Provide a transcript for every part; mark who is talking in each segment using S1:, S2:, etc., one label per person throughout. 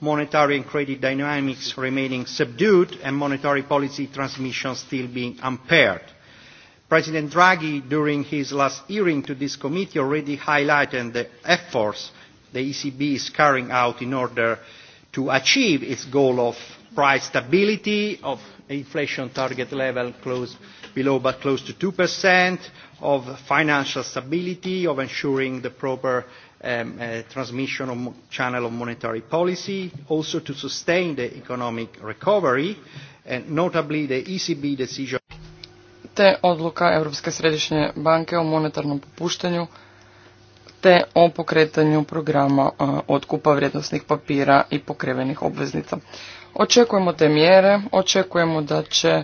S1: monetary and credit dynamics remaining subdued and monetary policy transmission still being impaired. President Draghi, during his last hearing to this committee, already highlighted the efforts the ECB is carrying out in order to achieve its goal of price stability, of inflation target level close below but close to 2%, of financial stability, of ensuring the proper um, uh, transmission channel of monetary policy, also to sustain the economic recovery, and notably the ECB decision. Te odluka
S2: Europske središnje banke o monetarnom popuštanju te o pokretanju programa uh, otkupa vrijednosnih papira i pokrivenih obveznica. Očekujemo te mjere, očekujemo da će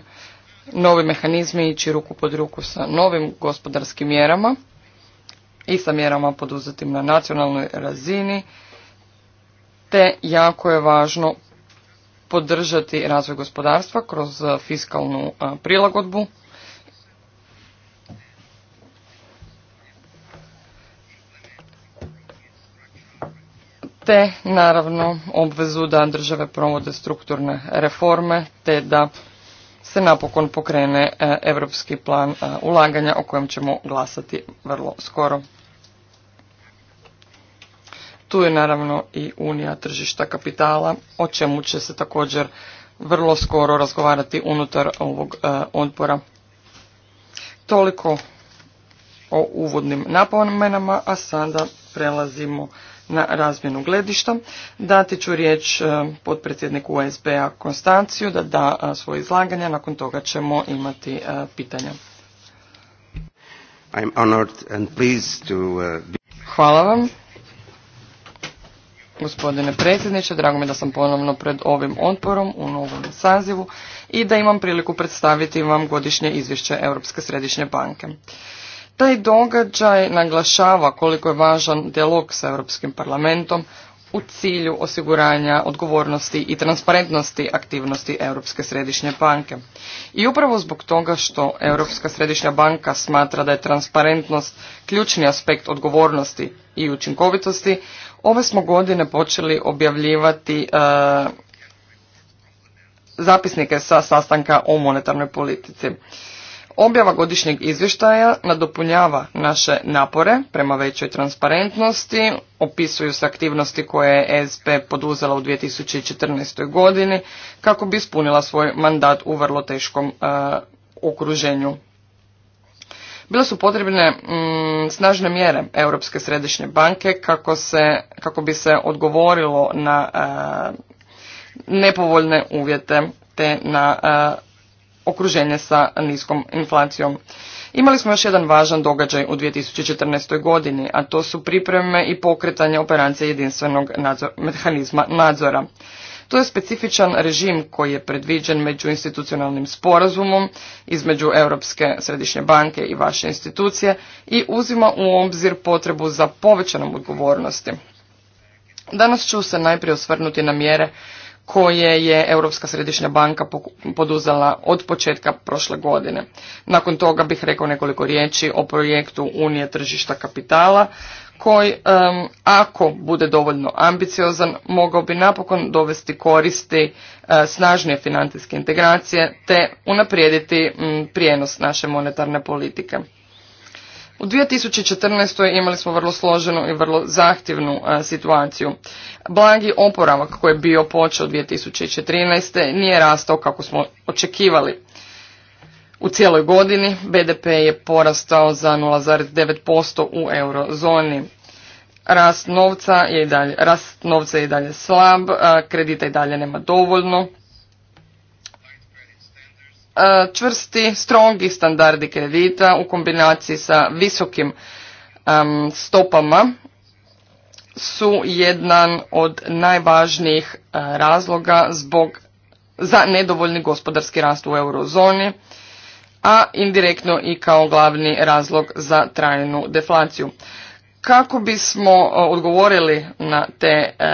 S2: novi mehanizmi ići ruku pod ruku sa novim gospodarskim mjerama i sa mjerama poduzetim na nacionalnoj razini, te jako je važno podržati razvoj gospodarstva kroz e, fiskalnu e, prilagodbu. te naravno obvezu da države provode strukturne reforme te da se napokon pokrene europski plan e, ulaganja o kojem ćemo glasati vrlo skoro. Tu je naravno i Unija tržišta kapitala, o čemu će se također vrlo skoro razgovarati unutar ovog e, odbora. Toliko o uvodnim napomenama, a sada prelazimo na razmjenu gledišta. Dati ću riječ e, potpredsjedniku USB-a Konstanciju da da e, svoje izlaganje, nakon toga ćemo imati e, pitanja. Hvala vam. Gospodine predsjedniče, drago mi da sam ponovno pred ovim odporom u novom sazivu i da imam priliku predstaviti vam godišnje izvješće Europske središnje banke. Taj događaj naglašava koliko je važan dijalog sa Europskim parlamentom u cilju osiguranja odgovornosti i transparentnosti aktivnosti Europske središnje banke. I upravo zbog toga što Europska središnja banka smatra da je transparentnost ključni aspekt odgovornosti i učinkovitosti, ove smo godine počeli objavljivati e, zapisnike sa sastanka o monetarnoj politici. Objava godišnjeg izvještaja nadopunjava naše napore prema većoj transparentnosti, opisuju se aktivnosti koje je ESP poduzela u 2014. godini kako bi ispunila svoj mandat u vrlo teškom e, okruženju. Bile su potrebne mm, snažne mjere Europske središnje banke kako, bi se odgovorilo na e, nepovoljne uvjete te na e, okruženje sa niskom inflacijom. Imali smo još jedan važan događaj u 2014. godini, a to su pripreme i pokretanje operacije jedinstvenog nadzor, mehanizma nadzora. To je specifičan režim koji je predviđen među institucionalnim sporazumom između Europske središnje banke i vaše institucije i uzima u obzir potrebu za povećanom odgovornosti. Danas ću se najprije osvrnuti na mjere koje je Europska središnja banka poduzela od početka prošle godine. Nakon toga bih rekao nekoliko riječi o projektu Unije tržišta kapitala koji, ako bude dovoljno ambiciozan, mogao bi napokon dovesti koristi e, snažnije financijske integracije te unaprijediti prijenos naše monetarne politike. U 2014. imali smo vrlo složenu i vrlo zahtjevnu e, situaciju. Blagi oporavak koji je bio počeo 2014. nije rastao kako smo očekivali. U cijeloj godini BDP je porastao za 0,9% u eurozoni. Rast novca je i dalje, novca je i dalje slab, e, kredita i dalje nema dovoljno E, čvrsti, strongi standardi kredita u kombinaciji sa visokim stopama su jedan od najvažnijih e, razloga zbog za nedovoljni gospodarski rast u eurozoni, a indirektno i kao glavni razlog za trajnu deflaciju kako bismo e, odgovorili na, te, e,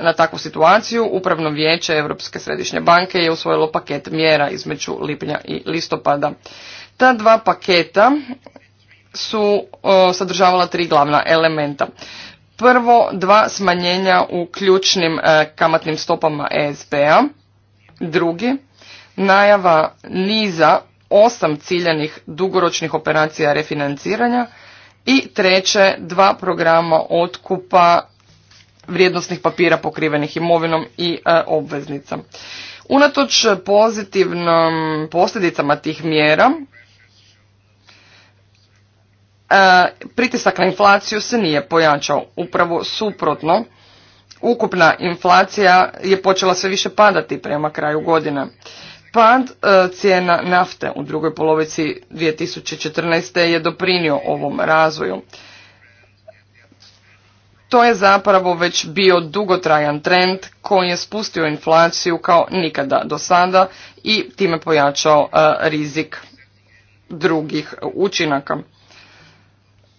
S2: na takvu situaciju, Upravno vijeće Europske središnje banke je usvojilo paket mjera između lipnja i listopada. Ta dva paketa su e, sadržavala tri glavna elementa. Prvo, dva smanjenja u ključnim kamatnim stopama ESB-a. P-a. Drugi, najava niza osam ciljanih dugoročnih operacija refinanciranja – i treće dva programa otkupa vrijednosnih papira pokrivenih imovinom i e, Unatoč pozitivnim posljedicama tih mjera, e, pritisak na inflaciju se nije pojačao, upravo suprotno. Ukupna inflacija je počela sve više padati prema kraju godine. Pad e, cijena nafte u drugoj polovici 2014. je doprinio ovom razvoju. To je zapravo već bio dugotrajan trend koji je spustio inflaciju kao nikada do sada i time pojačao e, rizik drugih učinaka.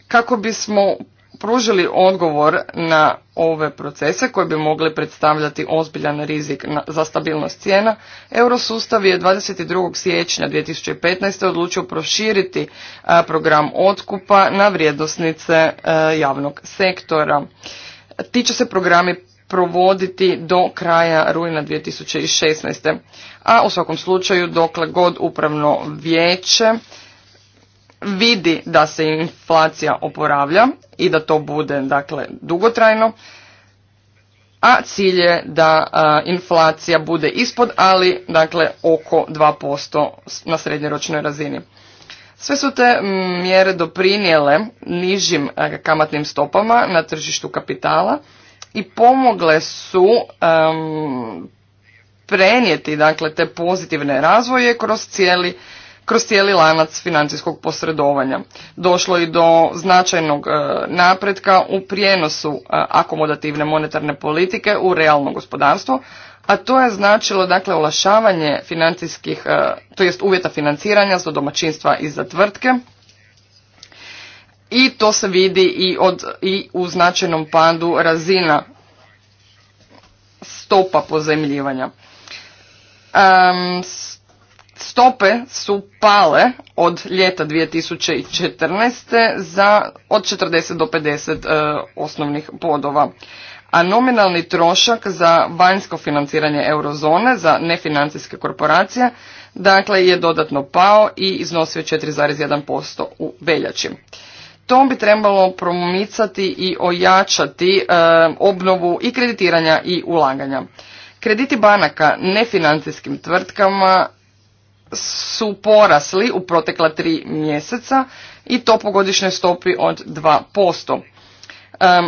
S2: Kako bismo pružili odgovor na ove procese koji bi mogli predstavljati ozbiljan rizik za stabilnost cijena, Eurosustav je 22. siječnja 2015. odlučio proširiti program otkupa na vrijednosnice e, javnog sektora. Ti će se programi provoditi do kraja rujna 2016. A u svakom slučaju dokle god upravno vijeće vidi da se inflacija oporavlja i da to bude dakle dugotrajno, a cilj je da inflacija bude ispod, ali dakle oko 2% na srednjeročnoj razini. Sve su te mjere doprinijele nižim kamatnim stopama na tržištu kapitala i pomogle su prenijeti dakle te pozitivne razvoje kroz cijeli kroz cijeli lanac financijskog posredovanja. Došlo je do značajnog e, napretka u prijenosu e, akomodativne monetarne politike u realno gospodarstvo, a to je značilo dakle olašavanje financijskih, e, to jest uvjeta financiranja za domaćinstva i za tvrtke. I to se vidi i, od, i u značajnom padu razina stopa pozemljivanja. Um, stope su pale od ljeta 2014. za od 40 do 50 e, osnovnih bodova. A nominalni trošak za vanjsko financiranje eurozone za nefinancijske korporacije dakle je dodatno pao i iznosio 4,1% u veljači. To bi trebalo promicati i ojačati e, obnovu i kreditiranja i ulaganja. Krediti banaka nefinancijskim tvrtkama su porasli u protekla tri mjeseca i to po godišnjoj stopi od 2%.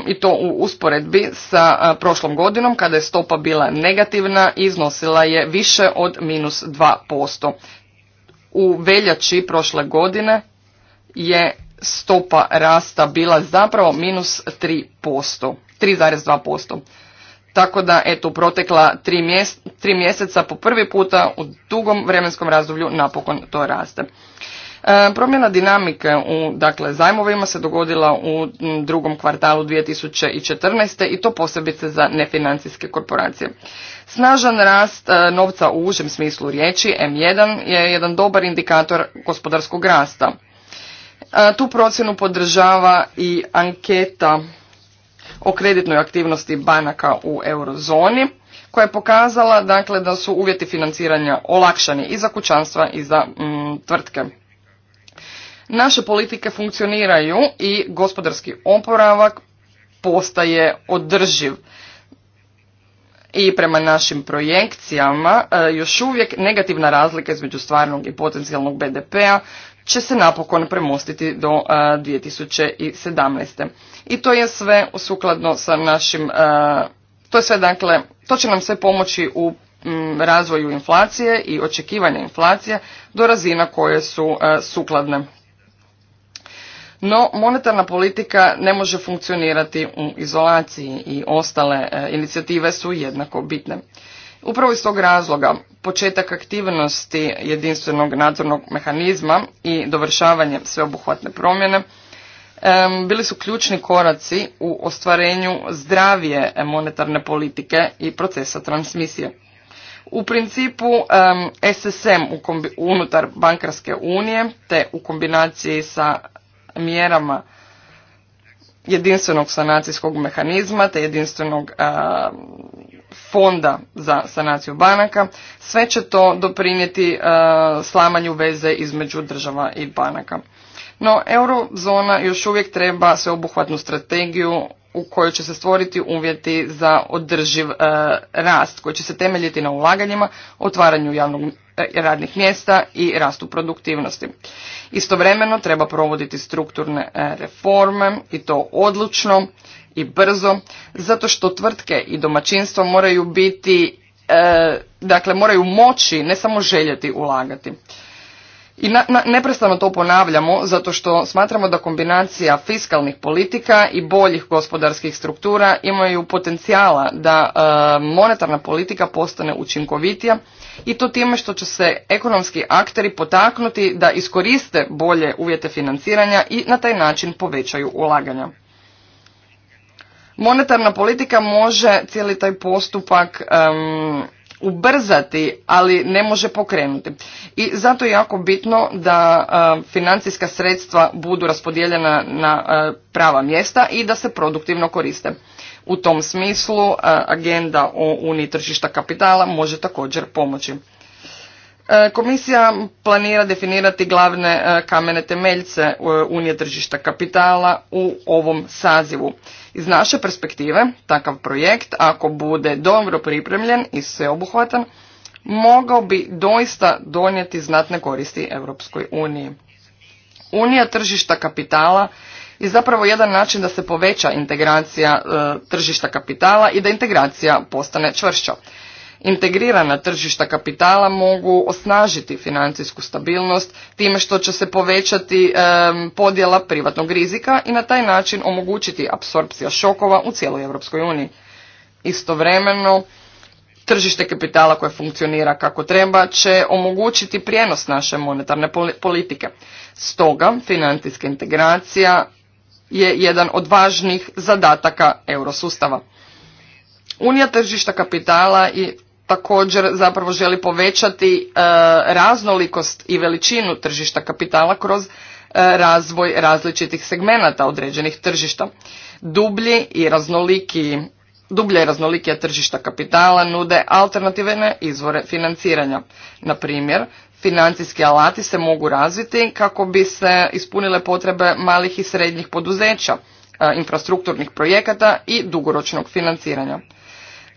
S2: I to u usporedbi sa prošlom godinom kada je stopa bila negativna iznosila je više od minus 2%. U veljači prošle godine je stopa rasta bila zapravo minus 3%, 3,2%. Tako da, eto, u protekla tri, mjeseca po prvi puta u dugom vremenskom razdoblju napokon to raste. E, promjena dinamike u dakle, zajmovima se dogodila u drugom kvartalu 2014. i to posebice za nefinancijske korporacije. Snažan rast e, novca u užem smislu riječi M1 je jedan dobar indikator gospodarskog rasta. E, tu procjenu podržava i anketa o kreditnoj aktivnosti banaka u eurozoni koja je pokazala dakle da su uvjeti financiranja olakšani i za kućanstva i za mm, tvrtke. Naše politike funkcioniraju i gospodarski oporavak postaje održiv. I prema našim projekcijama e, još uvijek negativna razlika između stvarnog i potencijalnog BDP-a će se napokon premostiti do 2017. I to je sve sukladno sa našim, to je sve dakle, to će nam sve pomoći u razvoju inflacije i očekivanja inflacije do razina koje su sukladne. No, monetarna politika ne može funkcionirati u izolaciji i ostale inicijative su jednako bitne. Upravo iz tog razloga početak aktivnosti jedinstvenog nadzornog mehanizma i dovršavanje sveobuhvatne promjene bili su ključni koraci u ostvarenju zdravije monetarne politike i procesa transmisije. U principu SSM unutar bankarske unije te u kombinaciji sa mjerama jedinstvenog sanacijskog mehanizma te jedinstvenog fonda za sanaciju banaka, sve će to doprinijeti e, slamanju veze između država i banaka. No, eurozona još uvijek treba sveobuhvatnu strategiju u kojoj će se stvoriti uvjeti za održiv e, rast koji će se temeljiti na ulaganjima, otvaranju javnog e, radnih mjesta i rastu produktivnosti. Istovremeno treba provoditi strukturne reforme i to odlučno i brzo zato što tvrtke i domaćinstva moraju biti e, dakle moraju moći ne samo željeti ulagati i neprestano to ponavljamo zato što smatramo da kombinacija fiskalnih politika i boljih gospodarskih struktura imaju potencijala da e, monetarna politika postane učinkovitija i to time što će se ekonomski akteri potaknuti da iskoriste bolje uvjete financiranja i na taj način povećaju ulaganja Monetarna politika može cijeli taj postupak ubrzati, ali ne može pokrenuti. I zato je jako bitno da financijska sredstva budu raspodijeljena na e, prava mjesta i da se produktivno koriste. U tom smislu e, agenda o uniji tržišta kapitala može također pomoći. E, komisija planira definirati glavne e, kamene temeljce e, Unije tržišta kapitala u ovom sazivu. Iz naše perspektive, takav projekt, ako bude dobro pripremljen i sveobuhvatan, mogao bi doista donijeti znatne koristi Europskoj uniji. Unija tržišta kapitala je zapravo jedan način da se poveća integracija tržišta kapitala i da integracija postane čvršća. Integrirana tržišta kapitala mogu osnažiti financijsku stabilnost time što će se povećati podjela privatnog rizika i na taj način omogućiti apsorpcija šokova u cijeloj Europskoj uniji. Istovremeno, tržište kapitala koje funkcionira kako treba će omogućiti prijenos naše monetarne politike. Stoga, financijska integracija je jedan od važnih zadataka eurosustava. Unija tržišta kapitala i također zapravo želi povećati e, raznolikost i veličinu tržišta kapitala kroz e, razvoj različitih segmenata određenih tržišta. Dublji i raznoliki, dublje i raznolikija tržišta kapitala nude alternativne izvore financiranja. Na primjer, financijski alati se mogu razviti kako bi se ispunile potrebe malih i srednjih poduzeća, e, infrastrukturnih projekata i dugoročnog financiranja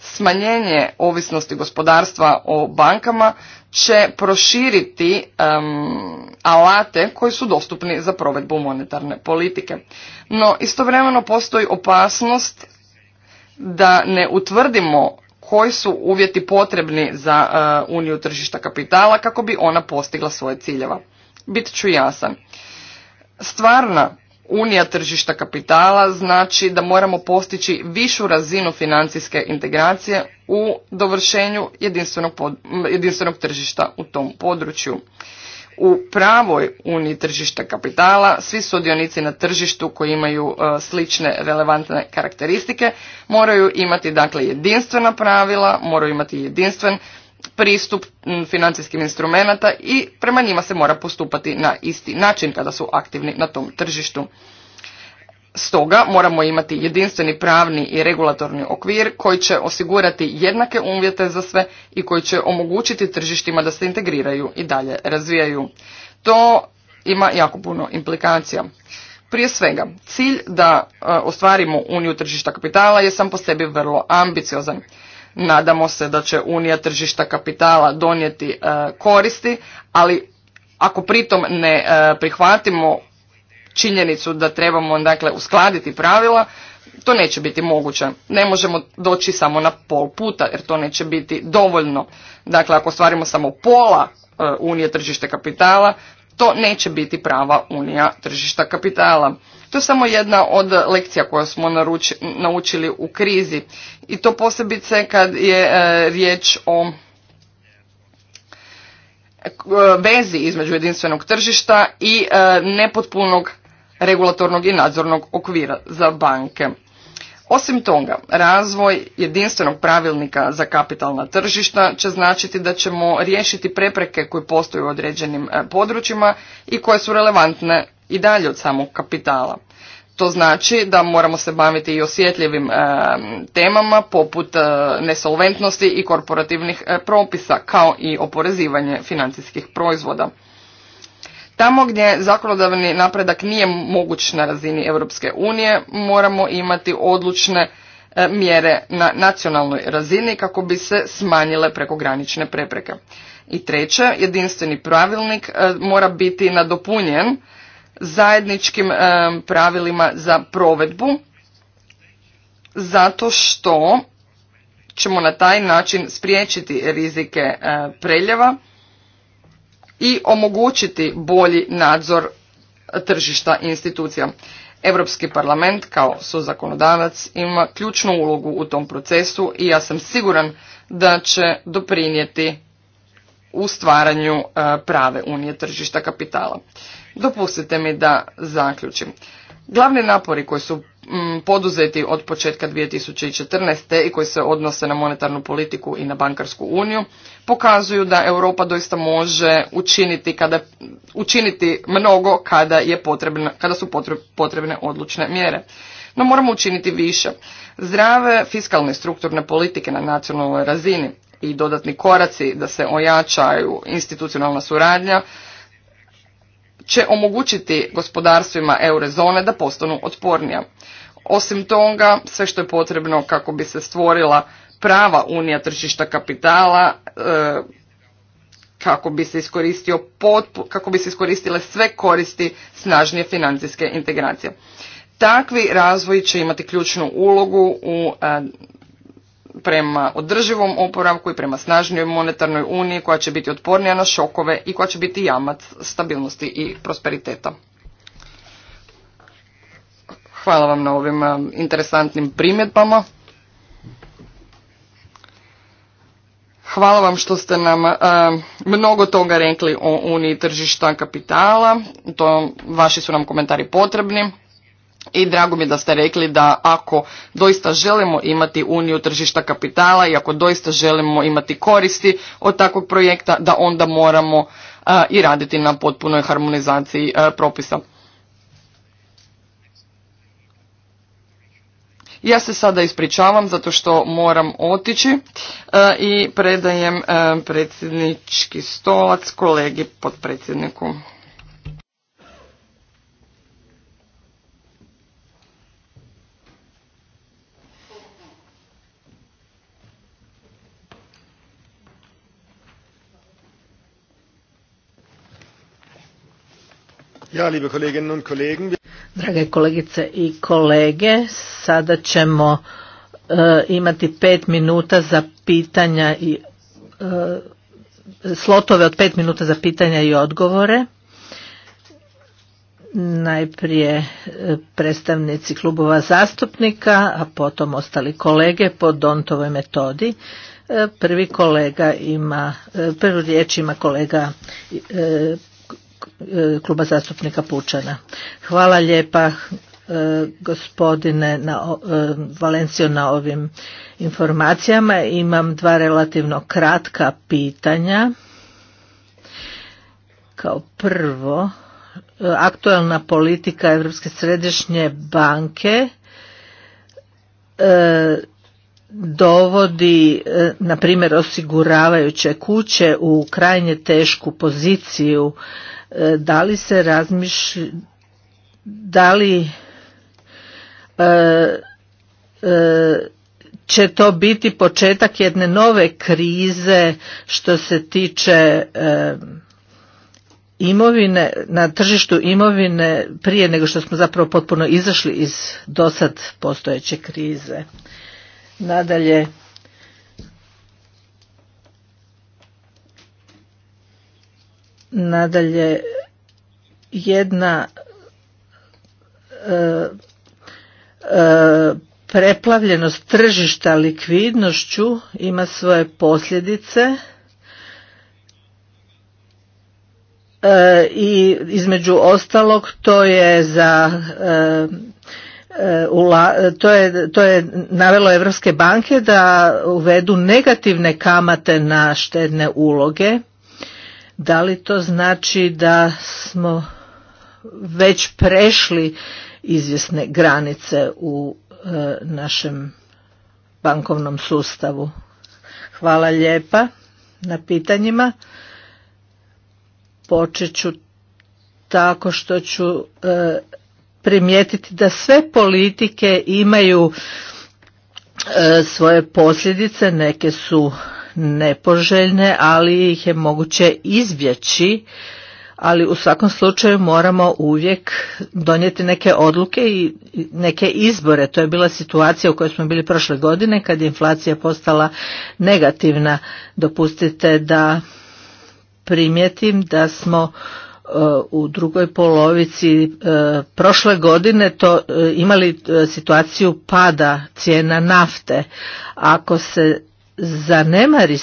S2: smanjenje ovisnosti gospodarstva o bankama će proširiti alate koji su dostupni za provedbu monetarne politike. No istovremeno postoji opasnost da ne utvrdimo koji su uvjeti potrebni za eh, uniju tržišta kapitala kako bi ona postigla svoje ciljeva. Bit ću jasan. Stvarna unija tržišta kapitala znači da moramo postići višu razinu financijske integracije u dovršenju jedinstvenog, jedinstvenog tržišta u tom području. U pravoj uniji tržišta kapitala svi sudionici na tržištu koji imaju e, slične relevantne karakteristike moraju imati dakle jedinstvena pravila, moraju imati jedinstven pristup financijskim instrumenata i prema njima se mora postupati na isti način kada su aktivni na tom tržištu. Stoga moramo imati jedinstveni pravni i regulatorni okvir koji će osigurati jednake uvjete za sve i koji će omogućiti tržištima da se integriraju i dalje razvijaju. To ima jako puno implikacija. Prije svega, cilj da e, ostvarimo uniju tržišta kapitala je sam po sebi vrlo ambiciozan. Nadamo se da će Unija tržišta kapitala donijeti e, koristi, ali ako pritom ne e, prihvatimo činjenicu da trebamo dakle uskladiti pravila, to neće biti moguće. Ne možemo doći samo na pol puta jer to neće biti dovoljno. Dakle, ako stvarimo samo pola e, unije tržišta kapitala, to neće biti prava unija tržišta kapitala. To je samo jedna od lekcija koje smo naučili u krizi i to posebice kad je e, riječ o e, vezi između jedinstvenog tržišta i e, nepotpunog regulatornog i nadzornog okvira za banke. Osim toga, razvoj jedinstvenog pravilnika za kapitalna tržišta će značiti da ćemo riješiti prepreke koje postoje u određenim e, područjima i koje su relevantne i dalje od samog kapitala. To znači da moramo se baviti i osjetljivim e, temama poput e, nesolventnosti i korporativnih propisa kao i oporezivanje financijskih proizvoda. Tamo gdje zakonodavni napredak nije moguć na razini Europske unije, moramo imati odlučne e, mjere na nacionalnoj razini kako bi se smanjile prekogranične prepreke. I treće, jedinstveni pravilnik e, mora biti nadopunjen zajedničkim e, pravilima za provedbu zato što ćemo na taj način spriječiti rizike preljeva i omogućiti bolji nadzor tržišta institucija. Europski parlament kao zakonodavac, ima ključnu ulogu u tom procesu i ja sam siguran da će doprinijeti u stvaranju e, prave unije tržišta kapitala. Dopustite mi da zaključim. Glavni napori koji su Mm, poduzeti od početka 2014. i koji se odnose na monetarnu politiku i na bankarsku uniju, pokazuju da Europa doista može učiniti, kada, učiniti mnogo kada, je potrebna, kada su potrebne odlučne mjere. No moramo učiniti više. Zdrave fiskalne strukturne politike na nacionalnoj razini i dodatni koraci da se ojačaju institucionalna suradnja, će omogućiti gospodarstvima eurozone da postanu otpornija. Osim toga, sve što je potrebno kako bi se stvorila prava unija tržišta kapitala, e, kako bi se iskoristio kako bi se iskoristile sve koristi snažnije financijske integracije. Takvi razvoj će imati ključnu ulogu u e, prema održivom oporavku i prema snažnijoj monetarnoj uniji koja će biti otpornija na šokove i koja će biti jamac stabilnosti i prosperiteta. Hvala vam na ovim interesantnim primjedbama. Hvala vam što ste nam mnogo toga rekli o Uniji tržišta kapitala. To, vaši su nam komentari potrebni. I drago mi da ste rekli da ako doista želimo imati Uniju tržišta kapitala i ako doista želimo imati koristi od takvog projekta, da onda moramo i raditi na potpunoj harmonizaciji propisa. Ja se sada ispričavam zato što moram otići e, i predajem e, predsjednički stolac kolegi potpredsjedniku.
S3: Drage kolegice i kolege, sada ćemo e, imati pet minuta za pitanja i e, slotove od pet minuta za pitanja i odgovore. Najprije e, predstavnici klubova zastupnika, a potom ostali kolege po Dontovoj metodi. Prvi kolega ima, prvu riječ ima kolega Eh, kluba zastupnika Pučana. Hvala lijepa eh, gospodine na, eh, Valenciju na ovim informacijama. Imam dva relativno kratka pitanja. Kao prvo, aktualna politika Europske središnje banke dovodi, na primjer, osiguravajuće kuće u krajnje tešku poziciju E, da li se razmišlja, da li e, e, će to biti početak jedne nove krize što se tiče imovine, na tržištu imovine prije nego što smo zapravo potpuno izašli iz dosad postojeće krize. Nadalje, Nadalje, jedna e, e, preplavljenost tržišta likvidnošću ima svoje posljedice e, i između ostalog to je za to je, to je navelo Evropske banke da uvedu negativne kamate na štedne uloge da li to znači da smo već prešli izvjesne granice u e, našem bankovnom sustavu? Hvala lijepa na pitanjima. Počet ću tako što ću e, primijetiti da sve politike imaju e, svoje posljedice, neke su nepoželjne, ali ih je moguće izbjeći, ali u svakom slučaju moramo uvijek donijeti neke odluke i neke izbore. To je bila situacija u kojoj smo bili prošle godine kad je inflacija postala negativna. Dopustite da primijetim da smo e, u drugoj polovici e, prošle godine to e, imali situaciju pada cijena nafte. Ako se zanemari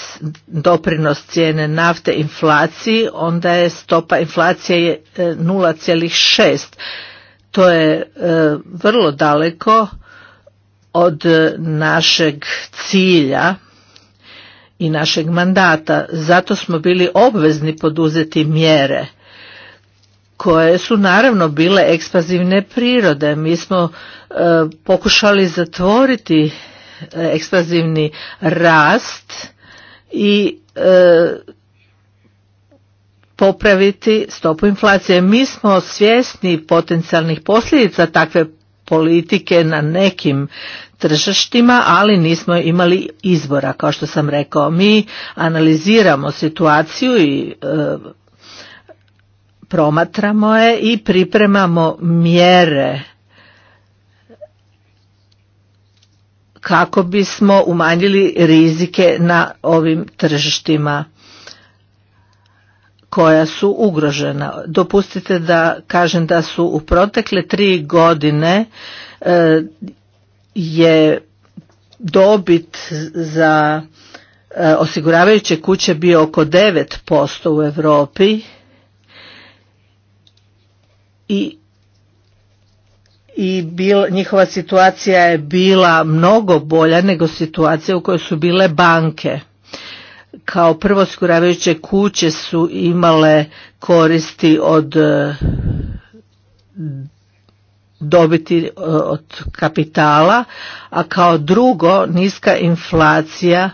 S3: doprinos cijene nafte inflaciji, onda je stopa inflacije 0,6. E, to je e, vrlo daleko od našeg cilja i našeg mandata. Zato smo bili obvezni poduzeti mjere koje su naravno bile ekspazivne prirode. Mi smo e, pokušali zatvoriti eksplozivni rast i e, popraviti stopu inflacije. Mi smo svjesni potencijalnih posljedica takve politike na nekim tržištima, ali nismo imali izbora, kao što sam rekao. Mi analiziramo situaciju i e, promatramo je i pripremamo mjere kako bismo umanjili rizike na ovim tržištima koja su ugrožena. Dopustite da kažem da su u protekle tri godine e, je dobit za e, osiguravajuće kuće bio oko 9% u Europi i i njihova situacija je bila mnogo bolja nego situacija u kojoj su bile banke. Kao prvo osiguravajuće kuće su imale koristi od e, dobiti e, od kapitala, a kao drugo niska inflacija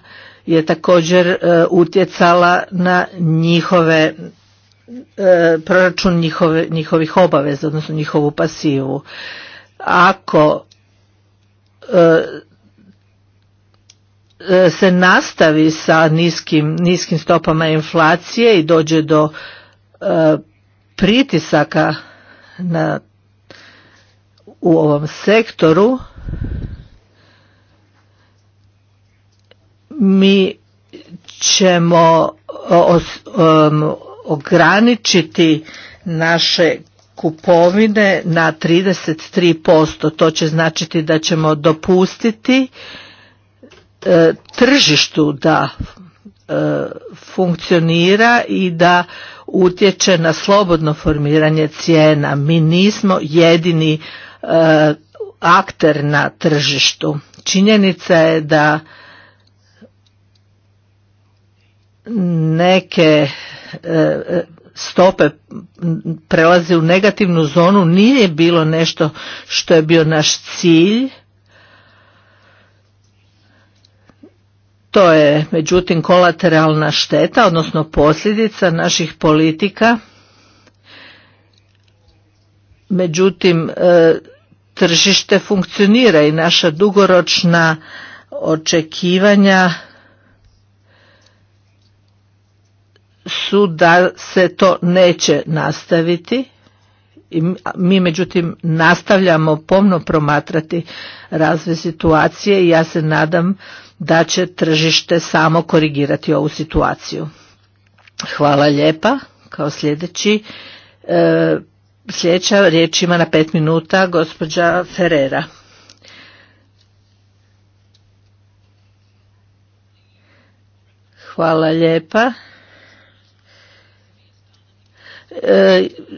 S3: je također e, utjecala na njihove proračun njihove, njihovih obaveza, odnosno njihovu pasivu ako e, e, se nastavi sa niskim, niskim stopama inflacije i dođe do e, pritisaka na, u ovom sektoru mi ćemo ograničiti naše kupovine na 33%. To će značiti da ćemo dopustiti e, tržištu da e, funkcionira i da utječe na slobodno formiranje cijena. Mi nismo jedini e, akter na tržištu. Činjenica je da neke stope prelazi u negativnu zonu nije bilo nešto što je bio naš cilj. To je međutim kolateralna šteta, odnosno posljedica naših politika. Međutim, e, tržište funkcionira i naša dugoročna očekivanja su da se to neće nastaviti i mi međutim nastavljamo pomno promatrati razve situacije i ja se nadam da će tržište samo korigirati ovu situaciju. Hvala lijepa. Kao sljedeći e, sljedeća riječ ima na pet minuta gospođa Ferrera. Hvala lijepa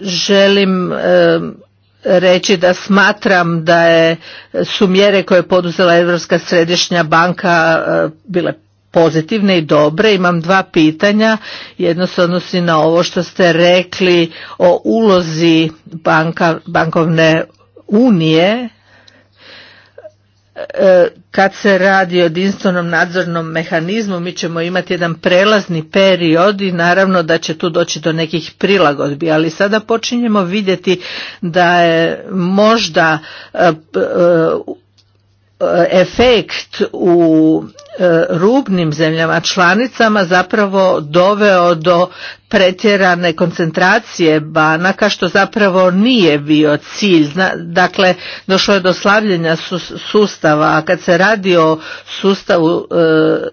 S3: želim reći da smatram da je, su mjere koje je poduzela Europska središnja banka e, bile pozitivne i dobre. Imam dva pitanja. Jedno se odnosi na ovo što ste rekli o ulozi banka, bankovne unije E, kad se radi o jedinstvenom nadzornom mehanizmu mi ćemo imati jedan prelazni period i naravno da će tu doći do nekih prilagodbi, ali sada počinjemo vidjeti da je možda e, e, E, efekt u e, rubnim zemljama članicama zapravo doveo do pretjerane koncentracije banaka što zapravo nije bio cilj. Dakle, došlo je do slavljenja sustava, a kad se radi o sustavu e,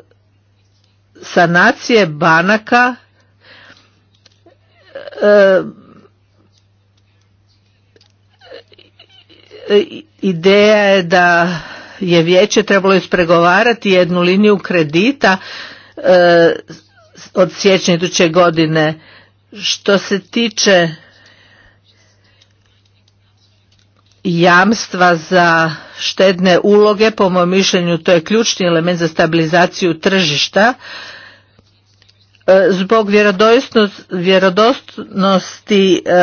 S3: sanacije banaka ideja je da je vijeće trebalo ispregovarati jednu liniju kredita e, od siječnja iduće godine. Što se tiče jamstva za štedne uloge, po mom mišljenju to je ključni element za stabilizaciju tržišta. E, zbog vjerodostnosti e,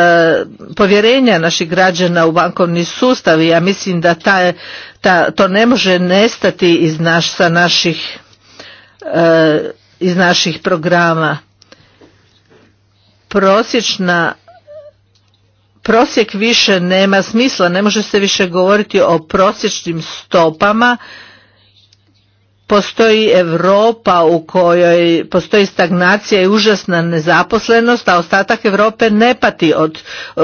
S3: povjerenja naših građana u bankovni sustav i ja mislim da ta, ta, to ne može nestati iz naš, sa naših e, iz naših programa prosječna prosjek više nema smisla ne može se više govoriti o prosječnim stopama postoji Europa u kojoj postoji stagnacija i užasna nezaposlenost, a ostatak Europe ne pati od,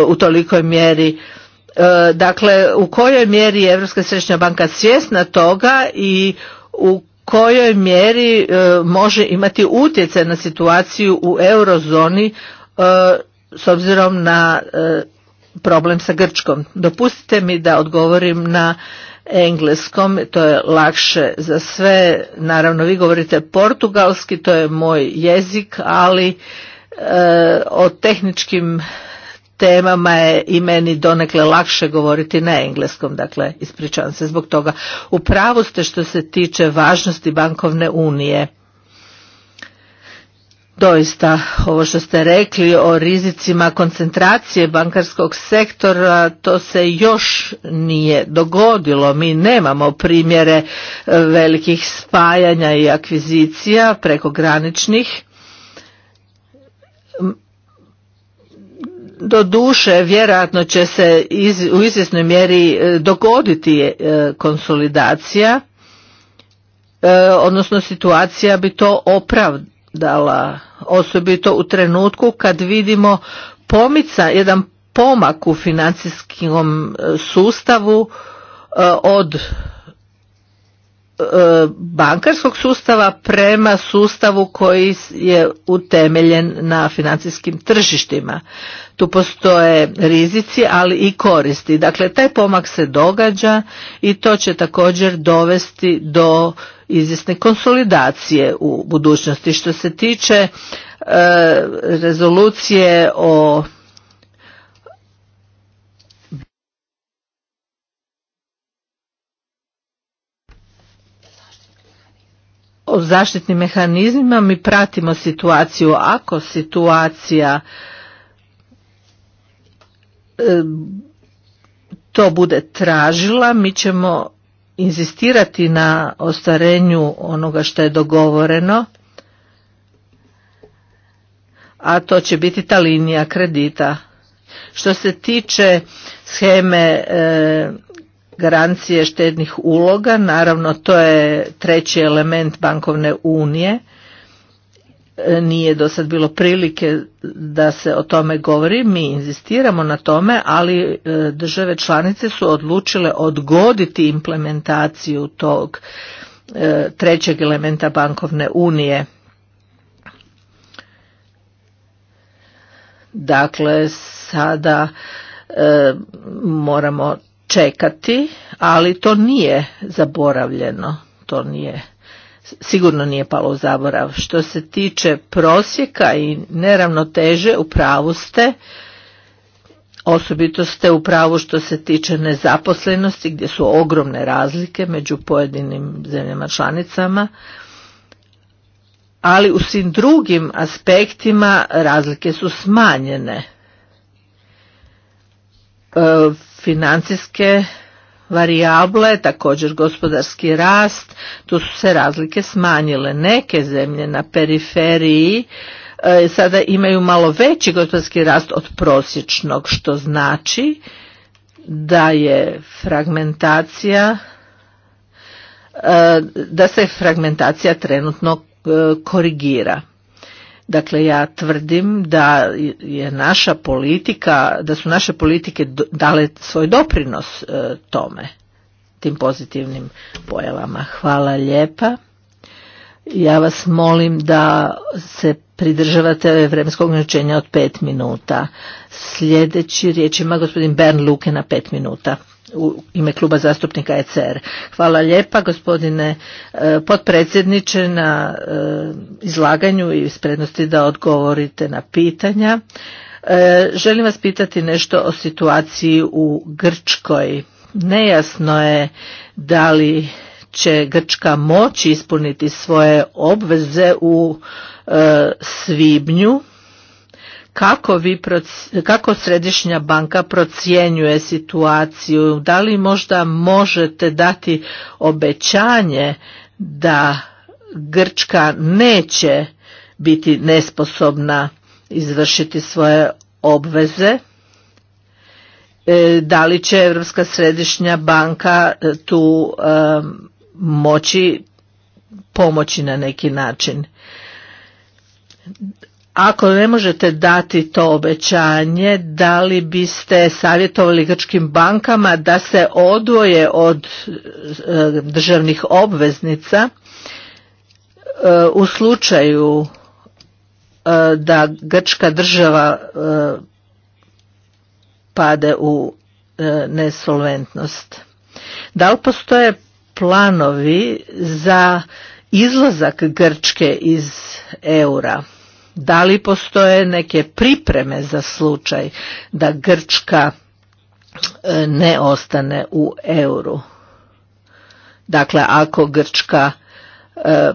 S3: u tolikoj mjeri. E, dakle, u kojoj mjeri je Europska središnja banka svjesna toga i u kojoj mjeri e, može imati utjecaj na situaciju u eurozoni e, s obzirom na problem sa Grčkom. Dopustite mi da odgovorim na engleskom, to je lakše za sve. Naravno, vi govorite portugalski, to je moj jezik, ali e, o tehničkim temama je i meni donekle lakše govoriti na engleskom, dakle ispričavam se zbog toga. U pravu ste što se tiče važnosti bankovne unije doista ovo što ste rekli o rizicima koncentracije bankarskog sektora to se još nije dogodilo mi nemamo primjere e, velikih spajanja i akvizicija prekograničnih duše, vjerojatno će se u izvjesnoj mjeri e, dogoditi e, konsolidacija odnosno situacija bi to opravdala osobito u trenutku kad vidimo pomica, jedan pomak u financijskom e, sustavu e, od e, bankarskog sustava prema sustavu koji je utemeljen na financijskim tržištima. Tu postoje rizici, ali i koristi. Dakle, taj pomak se događa i to će također dovesti do izvjesne konsolidacije u budućnosti. Što se tiče e, rezolucije o o zaštitnim mehanizmima mi pratimo situaciju ako situacija e, to bude tražila mi ćemo inzistirati na ostvarenju onoga što je dogovoreno, a to će biti ta linija kredita. Što se tiče scheme e, garancije štednih uloga, naravno to je treći element bankovne unije nije do sad bilo prilike da se o tome govori, mi inzistiramo na tome, ali e, države članice su odlučile odgoditi implementaciju tog e, trećeg elementa bankovne unije. Dakle, sada e, moramo čekati, ali to nije zaboravljeno, to nije sigurno nije palo u zaborav. Što se tiče prosjeka i neravnoteže, u pravu ste, osobito ste u pravu što se tiče nezaposlenosti gdje su ogromne razlike među pojedinim zemljama članicama, ali u svim drugim aspektima razlike su smanjene. E, financijske varijable, također gospodarski rast, tu su se razlike smanjile. Neke zemlje na periferiji e, sada imaju malo veći gospodarski rast od prosječnog, što znači da je fragmentacija e, da se fragmentacija trenutno e, korigira. Dakle, ja tvrdim da je naša politika, da su naše politike dale svoj doprinos e, tome, tim pozitivnim pojavama. Hvala lijepa. Ja vas molim da se pridržavate vremenskog ograničenja od pet minuta. Sljedeći riječ ima gospodin Bern Luke na pet minuta u ime kluba zastupnika ECR. Hvala lijepa gospodine e, potpredsjedniče na e, izlaganju i sprednosti da odgovorite na pitanja. E, želim vas pitati nešto o situaciji u Grčkoj. Nejasno je da li će Grčka moći ispuniti svoje obveze u svibnju kako, vi, kako središnja banka procjenjuje situaciju, da li možda možete dati obećanje da Grčka neće biti nesposobna izvršiti svoje obveze, e, da li će Europska središnja banka e, tu e, moći pomoći na neki način. Ako ne možete dati to obećanje, da li biste savjetovali grčkim bankama da se odvoje od e, državnih obveznica e, u slučaju e, da grčka država pade u nesolventnost? Da li postoje planovi za izlazak Grčke iz eura? da li postoje neke pripreme za slučaj da Grčka e, ne ostane u euru. Dakle, ako Grčka e,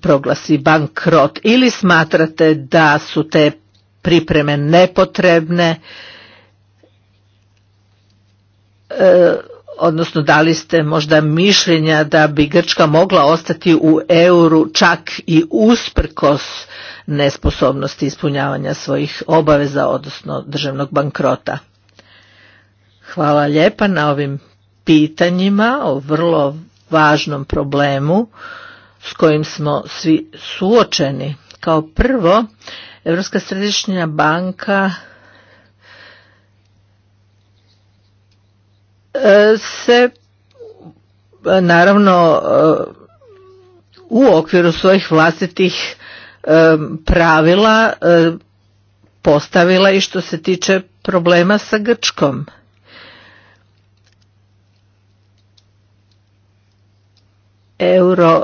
S3: proglasi bankrot ili smatrate da su te pripreme nepotrebne, e, odnosno da li ste možda mišljenja da bi Grčka mogla ostati u euru čak i usprkos nesposobnosti ispunjavanja svojih obaveza, odnosno državnog bankrota. Hvala lijepa na ovim pitanjima o vrlo važnom problemu s kojim smo svi suočeni. Kao prvo, Europska središnja banka e, se e, naravno e, u okviru svojih vlastitih pravila postavila i što se tiče problema sa Grčkom. Euro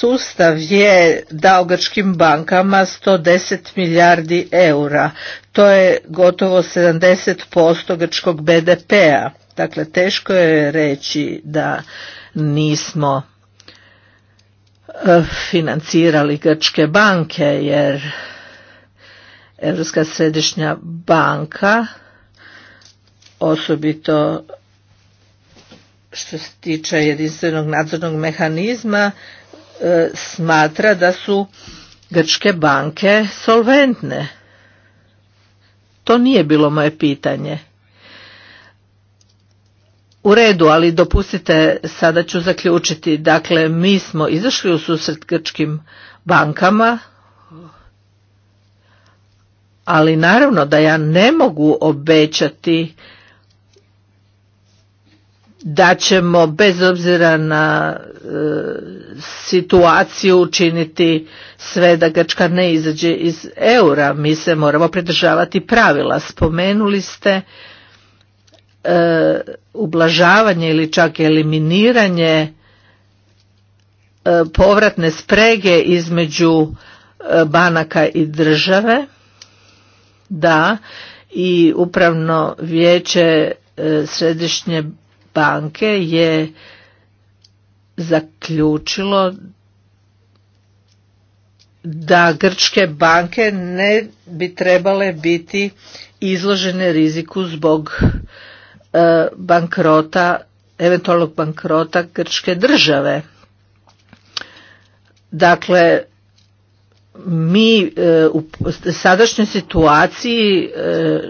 S3: sustav je dao grčkim bankama 110 milijardi eura. To je gotovo 70% grčkog BDP-a. Dakle, teško je reći da nismo financirali grčke banke jer Europska središnja banka osobito što se tiče jedinstvenog nadzornog mehanizma e, smatra da su grčke banke solventne. To nije bilo moje pitanje. U redu, ali dopustite, sada ću zaključiti. Dakle, mi smo izašli u susret grčkim bankama, ali naravno da ja ne mogu obećati da ćemo bez obzira na e, situaciju učiniti sve da Grčka ne izađe iz eura. Mi se moramo pridržavati pravila. Spomenuli ste E, ublažavanje ili čak eliminiranje e, povratne sprege između e, banaka i države da i upravno vijeće središnje banke je zaključilo da grčke banke ne bi trebale biti izložene riziku zbog E, bankrota, eventualnog bankrota grčke države. Dakle, mi e, u sadašnjoj situaciji e,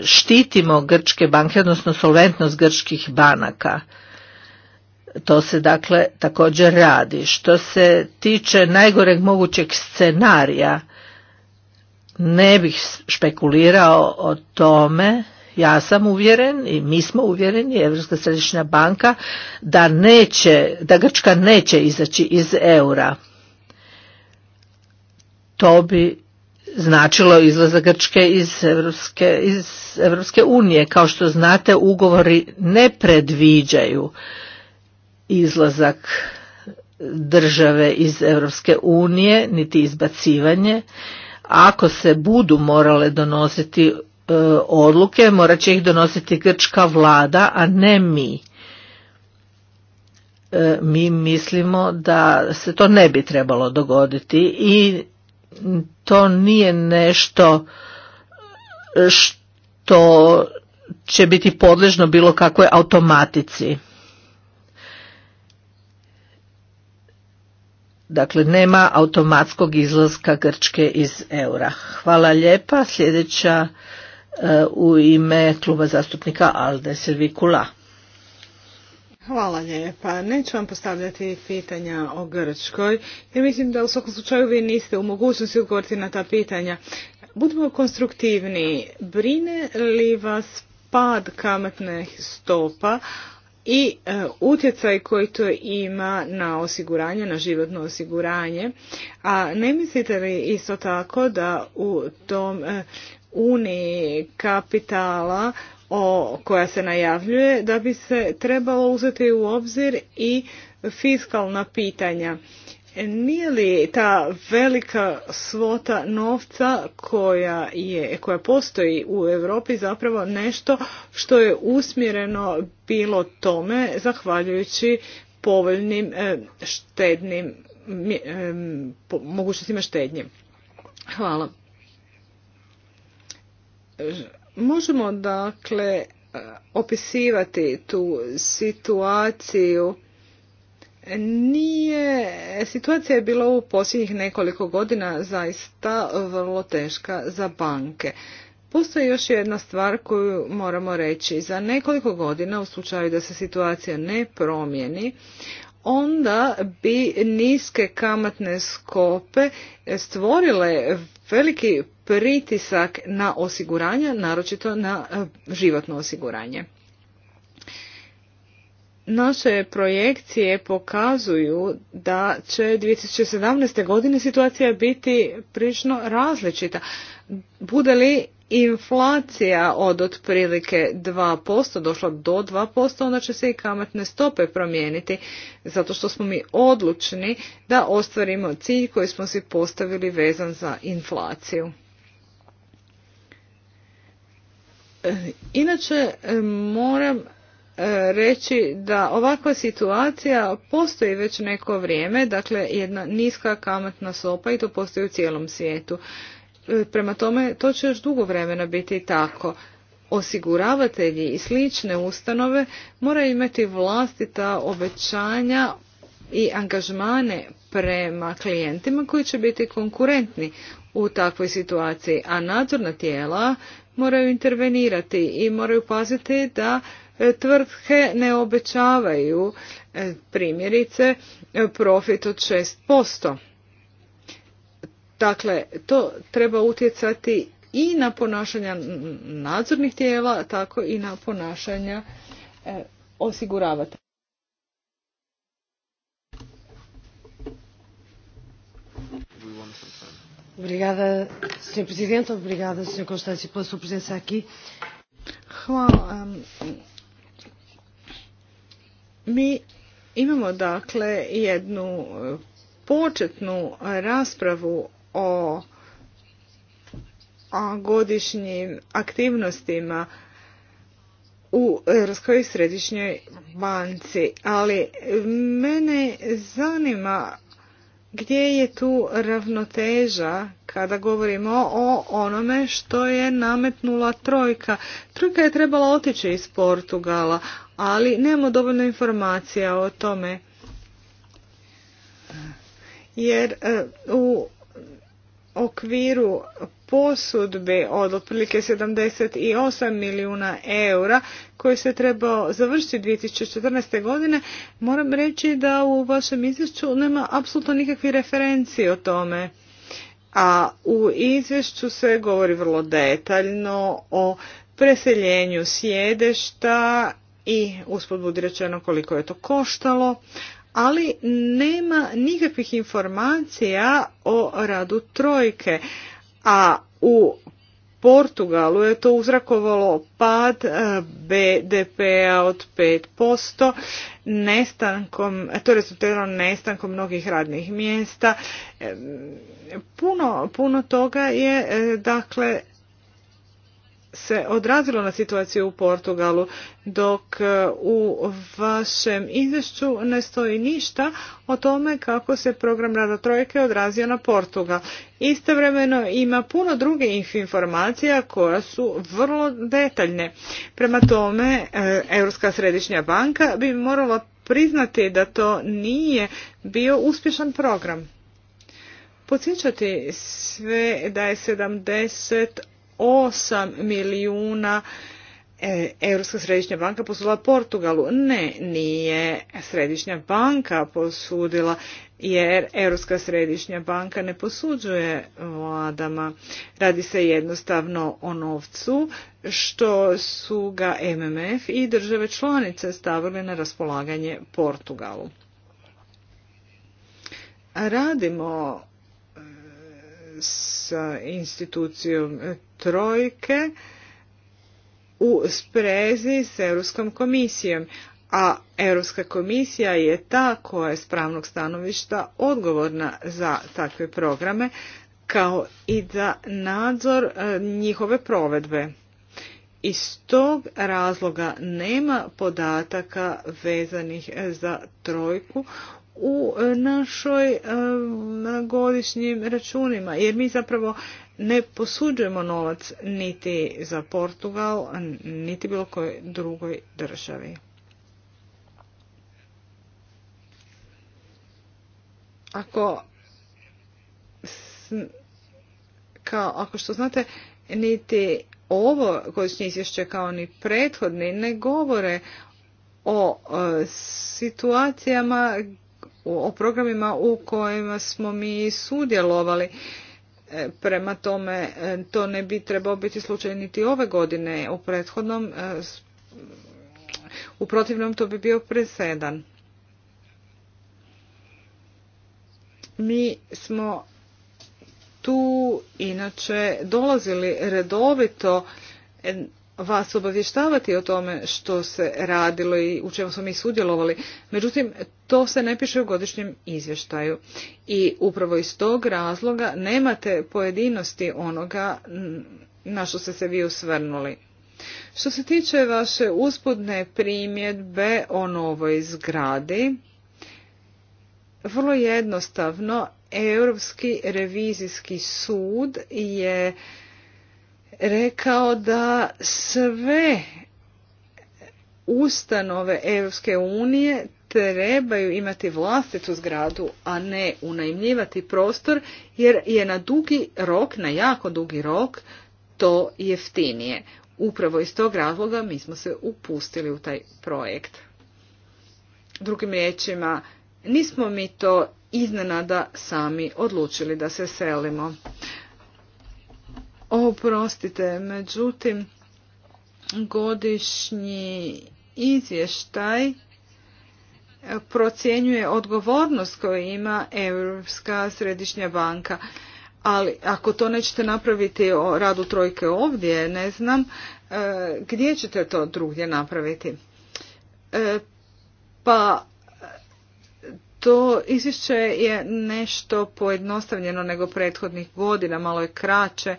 S3: štitimo grčke banke, odnosno solventnost grčkih banaka. To se dakle također radi. Što se tiče najgoreg mogućeg scenarija, ne bih špekulirao o tome ja sam uvjeren i mi smo uvjereni, Evropska središnja banka, da neće, da Grčka neće izaći iz eura. To bi značilo izlazak Grčke iz Evropske, iz Evropske unije. Kao što znate, ugovori ne predviđaju izlazak države iz Europske unije, niti izbacivanje. Ako se budu morale donositi E, odluke morat će ih donositi grčka vlada, a ne mi. E, mi mislimo da se to ne bi trebalo dogoditi i to nije nešto e, što će biti podležno bilo kakvoj automatici. Dakle, nema automatskog izlaska Grčke iz eura. Hvala lijepa. Sljedeća E, u ime kluba zastupnika Alde Servikula.
S4: Hvala lijepa. Neću vam postavljati pitanja o Grčkoj, jer mislim da u svakom slučaju vi niste u mogućnosti odgovoriti na ta pitanja. Budimo konstruktivni. Brine li vas pad kamatnih stopa i e, utjecaj koji to ima na osiguranje, na životno osiguranje? A ne mislite li isto tako da u tom e, uniji kapitala o, koja se najavljuje da bi se trebalo uzeti u obzir i fiskalna pitanja. Nije li ta velika svota novca koja, je, koja postoji u Europi zapravo nešto što je usmjereno bilo tome zahvaljujući povoljnim e, štednim e, mogućnostima štednje? Hvala. Možemo dakle e, opisivati tu situaciju. Nije, situacija je bila u posljednjih nekoliko godina zaista vrlo teška za banke. Postoji još jedna stvar koju moramo reći. Za nekoliko godina, u slučaju da se situacija ne promijeni, onda bi niske kamatne skope stvorile veliki pritisak na osiguranja, naročito na e, životno osiguranje. Naše projekcije pokazuju da će 2017. godine situacija biti prilično različita. Bude li inflacija od otprilike 2% došla do 2%, onda će se i kamatne stope promijeniti, zato što smo mi odlučni da ostvarimo cilj koji smo si postavili vezan za inflaciju. E, inače, e, moram e, reći da ovakva situacija postoji već neko vrijeme, dakle jedna niska kamatna stopa i to postoji u cijelom svijetu. E, prema tome, to će još dugo vremena biti tako. Osiguravatelji i slične ustanove moraju imati vlastita obećanja i angažmane prema klijentima koji će biti konkurentni u takvoj situaciji, a nadzorna tijela moraju intervenirati i moraju paziti da e, tvrtke ne obećavaju e, primjerice profit od 6%. Dakle, to treba utjecati i na ponašanja nadzornih tijela, tako i na ponašanja e, osiguravatelja. Obrigada, Sr. Presidente. Obrigada, Sr. pela sua presença aqui. Mi imamo dakle jednu e, početnu raspravu o godišnjim aktivnostima u Europskoj središnjoj banci, ali mene zanima gdje je tu ravnoteža kada govorimo o onome što je nametnula trojka. Trojka je trebala otići iz Portugala, ali nemamo dovoljno informacija o tome. Jer e, u okviru posudbe od otprilike 78 milijuna eura koji se trebao završiti 2014. godine, moram reći da u vašem izvješću nema apsolutno nikakvih referencije o tome. A u izvješću se govori vrlo detaljno o preseljenju sjedišta i usput budi rečeno koliko je to koštalo, ali nema nikakvih informacija o radu trojke, a u Portugalu je to uzrakovalo pad e, BDP-a od 5%, nestankom, to je nestankom mnogih radnih mjesta. E, puno, puno toga je e, dakle se odrazilo na situaciju u Portugalu, dok e, u vašem izvješću ne stoji ništa o tome kako se program rada trojke odrazio na Portugal. Istovremeno ima puno drugih informacija koja su vrlo detaljne. Prema tome, e, Europska središnja banka bi morala priznati da to nije bio uspješan program. Podsjećati sve da je 70 Osam milijuna e, Europska središnja banka posudila Portugalu. Ne, nije središnja banka posudila jer Europska središnja banka ne posuđuje vladama. Radi se jednostavno o novcu što su ga MMF i države članice stavili na raspolaganje Portugalu. Radimo sa institucijom trojke u sprezi s Europskom komisijom, a Europska komisija je ta koja je s pravnog stanovišta odgovorna za takve programe kao i za nadzor e, njihove provedbe. Iz tog razloga nema podataka vezanih za trojku u e, našoj e, godišnjim računima, jer mi zapravo ne posuđujemo novac niti za Portugal, niti bilo kojoj drugoj državi. Ako ako što znate, niti ovo godišnje izvješće kao ni prethodni ne govore o e, situacijama o programima u kojima smo mi sudjelovali. E, prema tome, e, to ne bi trebao biti slučaj niti ove godine u prethodnom, e, u protivnom to bi bio presedan. Mi smo tu inače dolazili redovito vas obavještavati o tome što se radilo i u čemu smo mi sudjelovali. Međutim, to se ne piše u godišnjem izvještaju. I upravo iz tog razloga nemate pojedinosti onoga na što ste se vi usvrnuli. Što se tiče vaše uspudne primjedbe o novoj zgradi, vrlo jednostavno, Europski revizijski sud je rekao da sve ustanove Europske unije trebaju imati vlastitu zgradu, a ne unajmljivati prostor, jer je na dugi rok, na jako dugi rok, to jeftinije. Upravo iz tog razloga mi smo se upustili u taj projekt. Drugim riječima, nismo mi to iznenada sami odlučili da se selimo. Oprostite, međutim, godišnji izvještaj procjenjuje odgovornost koju ima Europska središnja banka. Ali ako to nećete napraviti o radu trojke ovdje, ne znam, e, gdje ćete to drugdje napraviti? E, pa to izvješće je nešto pojednostavljeno nego prethodnih godina, malo je kraće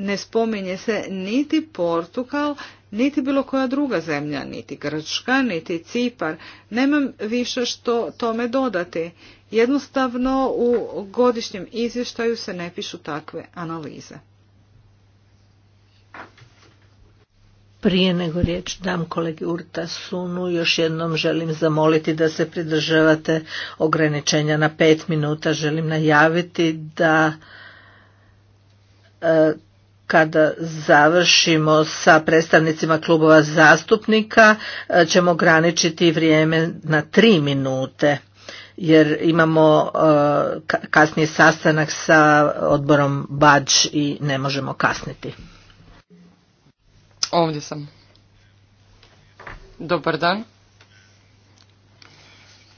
S4: ne spominje se niti Portugal, niti bilo koja druga zemlja, niti Grčka, niti Cipar. Nemam više što tome dodati. Jednostavno u godišnjem izvještaju se ne pišu takve analize.
S3: Prije nego riječ dam kolegi Urta Sunu, još jednom želim zamoliti da se pridržavate ograničenja na pet minuta. Želim najaviti da e, kada završimo sa predstavnicima klubova zastupnika e, ćemo ograničiti vrijeme na tri minute jer imamo e, kasnije sastanak sa odborom Bač i ne možemo kasniti. Ovdje sam.
S2: Dobar dan.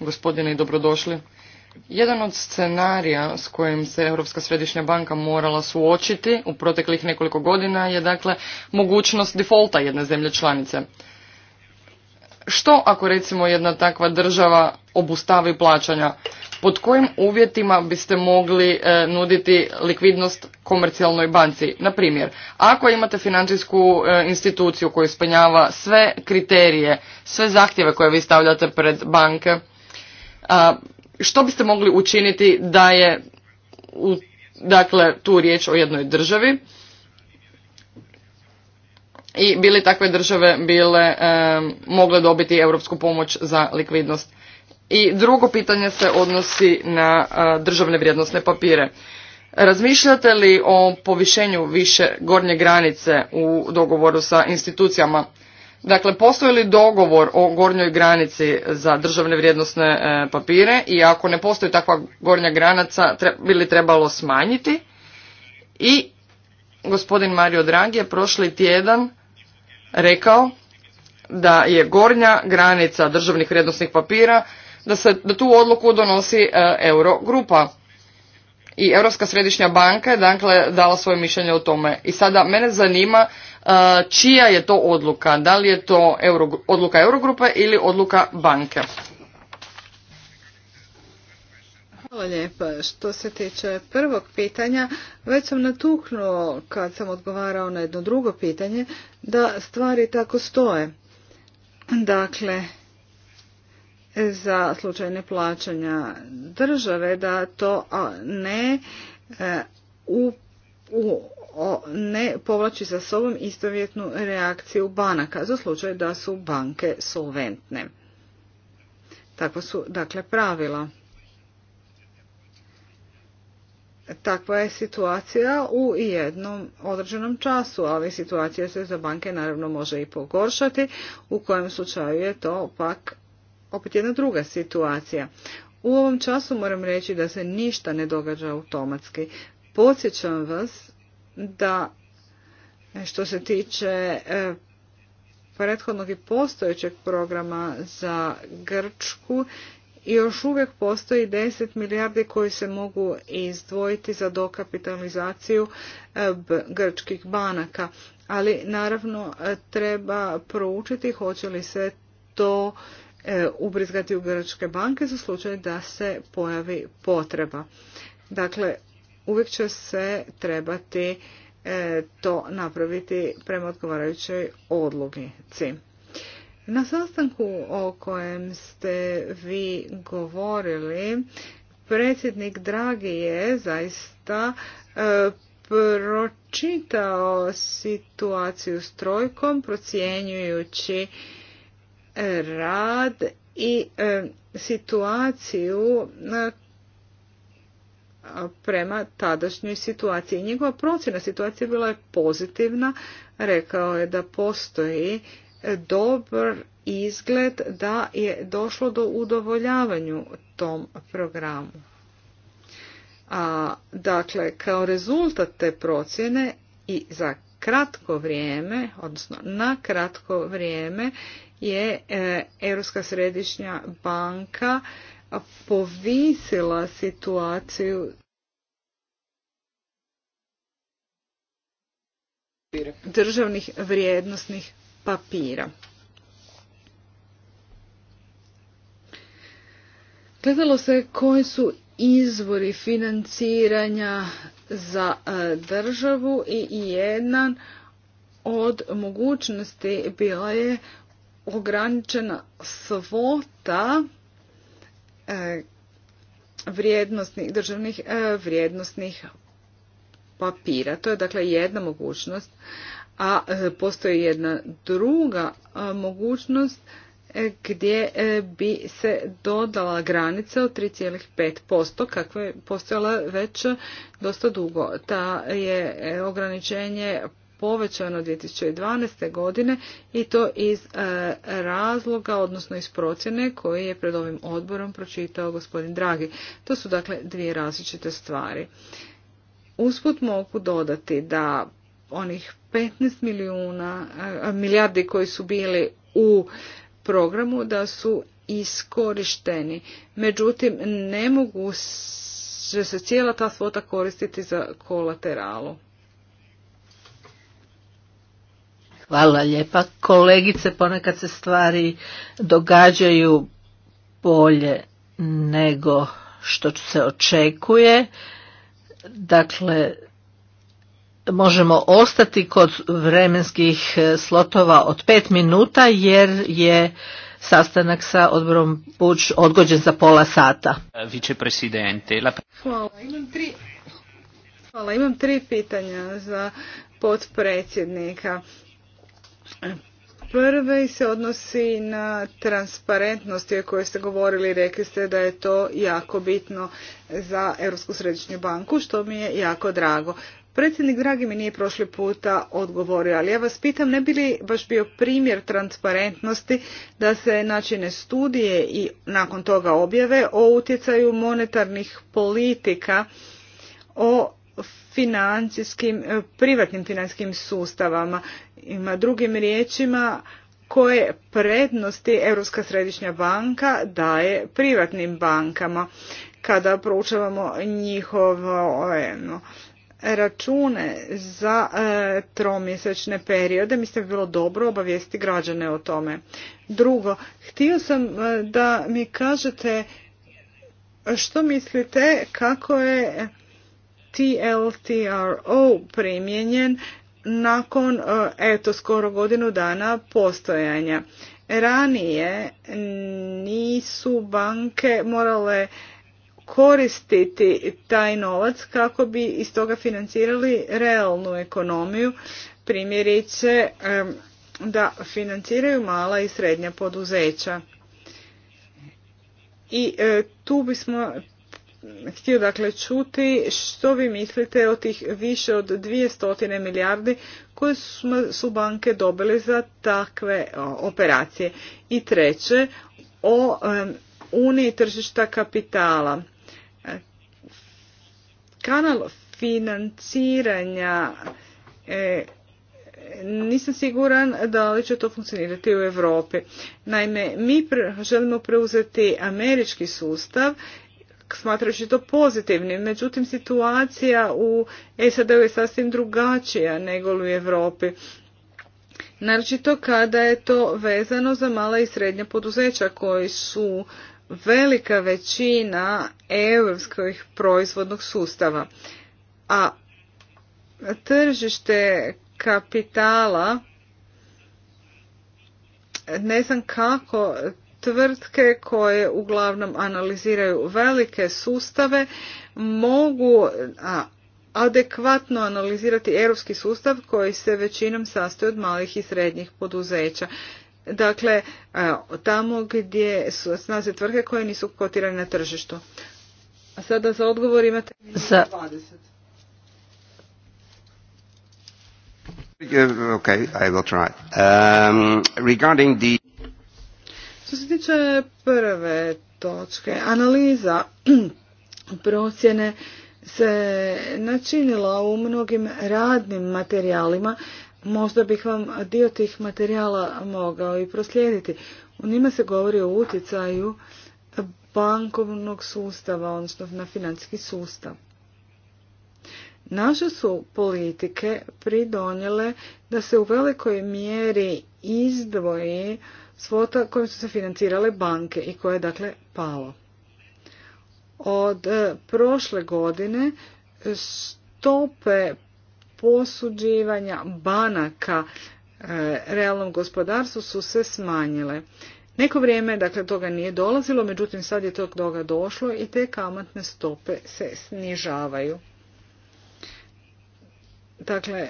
S2: Gospodine i dobrodošli. Jedan od scenarija s kojim se Europska središnja banka morala suočiti u proteklih nekoliko godina je dakle mogućnost defolta jedne zemlje članice. Što ako recimo jedna takva država obustavi plaćanja? Pod kojim uvjetima biste mogli e, nuditi likvidnost komercijalnoj banci? Na primjer, ako imate financijsku e, instituciju koja ispunjava sve kriterije, sve zahtjeve koje vi stavljate pred banke, a, što biste mogli učiniti da je dakle tu riječ o jednoj državi i bili takve države bile e, mogle dobiti europsku pomoć za likvidnost. I drugo pitanje se odnosi na e, državne vrijednosne papire. Razmišljate li o povišenju više gornje granice u dogovoru sa institucijama? Dakle, postoji li dogovor o gornjoj granici za državne vrijednosne e, papire i ako ne postoji takva gornja granica, bi li trebalo smanjiti? I gospodin Mario Draghi je prošli tjedan rekao da je gornja granica državnih vrijednosnih papira, da, se, da tu odluku donosi e, Eurogrupa. I Europska središnja banka je dakle dala svoje mišljenje o tome. I sada mene zanima E, čija je to odluka, da li je to odluka Eurogrupe ili odluka banke.
S4: Hvala lijepa. Što se tiče prvog pitanja, već sam natuknuo kad sam odgovarao na jedno drugo pitanje da stvari tako stoje. Dakle, za slučaj plaćanja države da to ne e, u ne povlači za sobom istovjetnu reakciju banaka za slučaj da su banke solventne. Takva su dakle pravila. Takva je situacija u jednom određenom času, ali situacija se za banke naravno može i pogoršati, u kojem slučaju je to pak opet jedna druga situacija. U ovom času moram reći da se ništa ne događa automatski. Podsjećam vas da e, što se tiče e, prethodnog i postojećeg programa za Grčku još uvijek postoji 10 milijardi koji se mogu izdvojiti za dokapitalizaciju e, grčkih banaka. Ali naravno treba proučiti hoće li se to ubrizgati u grčke banke za slučaj da se pojavi potreba. Dakle, uvijek će se trebati e, to napraviti prema odgovarajućoj odluci. Na sastanku o kojem ste vi govorili, predsjednik Dragi je zaista e, pročitao situaciju s trojkom, procjenjujući e, rad i situaciju prema tadašnjoj situaciji. Njegova procjena situacije bila je pozitivna. Rekao je da postoji dobar izgled da je došlo do udovoljavanju tom programu. A, dakle, kao rezultat te procjene i za kratko vrijeme, odnosno na kratko vrijeme je e, Europska središnja banka povisila situaciju državnih vrijednosnih papira. Gledalo se koji su izvori financiranja za e, državu i jedan od mogućnosti bila je ograničena svota E, vrijednostnih, državnih e, vrijednostnih papira. To je dakle jedna mogućnost, a e, postoji jedna druga mogućnost gdje bi se dodala granica od 3,5% kakva je postojala već dosta dugo. Ta je ograničenje povećano 2012. godine i to iz e, razloga, odnosno iz procjene koje je pred ovim odborom pročitao gospodin Dragi. To su dakle dvije različite stvari. Usput mogu dodati da onih 15 milijuna, e, milijardi koji su bili u programu da su iskorišteni. Međutim, ne mogu se cijela ta svota koristiti za kolateralu.
S3: Hvala lijepa. Kolegice, ponekad se stvari događaju bolje nego što se očekuje. Dakle, možemo ostati kod vremenskih e, slotova od pet minuta jer je sastanak sa odborom Buč odgođen za pola
S1: sata. Hvala,
S4: imam tri, hvala, imam tri pitanja za potpredsjednika. Prvi se odnosi na transparentnost o kojoj ste govorili i rekli ste da je to jako bitno za Europsku središnju banku, što mi je jako drago. Predsjednik Dragi mi nije prošli puta odgovorio, ali ja vas pitam ne bi li baš bio primjer transparentnosti da se načine studije i nakon toga objave o utjecaju monetarnih politika o financijskim, e, privatnim financijskim sustavama. Ima drugim riječima koje prednosti Europska središnja banka daje privatnim bankama kada proučavamo njihove ono, račune za e, tromjesečne periode, mislim da bi bilo dobro obavijesti građane o tome. Drugo, htio sam e, da mi kažete što mislite kako je TLTRO primjenjen nakon e, eto skoro godinu dana postojanja. Ranije nisu banke morale koristiti taj novac kako bi iz toga financirali realnu ekonomiju, primjerice e, da financiraju mala i srednja poduzeća. I e, tu bismo htio dakle čuti što vi mislite o tih više od 200 milijardi koje su banke dobile za takve operacije. I treće, o uniji tržišta kapitala. Kanal financiranja e, nisam siguran da li će to funkcionirati u Europi. Naime, mi želimo preuzeti američki sustav smatrajući to pozitivnim. Međutim, situacija u SAD-u je sasvim drugačija nego u Europi. Naročito kada je to vezano za mala i srednja poduzeća koji su velika većina europskih proizvodnog sustava. A tržište kapitala ne znam kako tvrtke koje uglavnom analiziraju velike sustave mogu adekvatno analizirati europski sustav koji se većinom sastoji od malih i srednjih poduzeća. Dakle, tamo gdje su snaze tvrtke koje nisu kotirane na tržištu. A sada za odgovor imate za... 20.
S1: Okay, I will try. Um, regarding the
S4: što se tiče prve točke, analiza procjene se načinila u mnogim radnim materijalima. Možda bih vam dio tih materijala mogao i proslijediti. U njima se govori o utjecaju bankovnog sustava, odnosno na financijski sustav. Naše su politike pridonjele da se u velikoj mjeri izdvoji svota kojim su se financirale banke i koje je dakle palo. Od e, prošle godine stope posuđivanja banaka e, realnom gospodarstvu su se smanjile. Neko vrijeme dakle toga nije dolazilo, međutim sad je tog toga došlo i te kamatne stope se snižavaju. Dakle,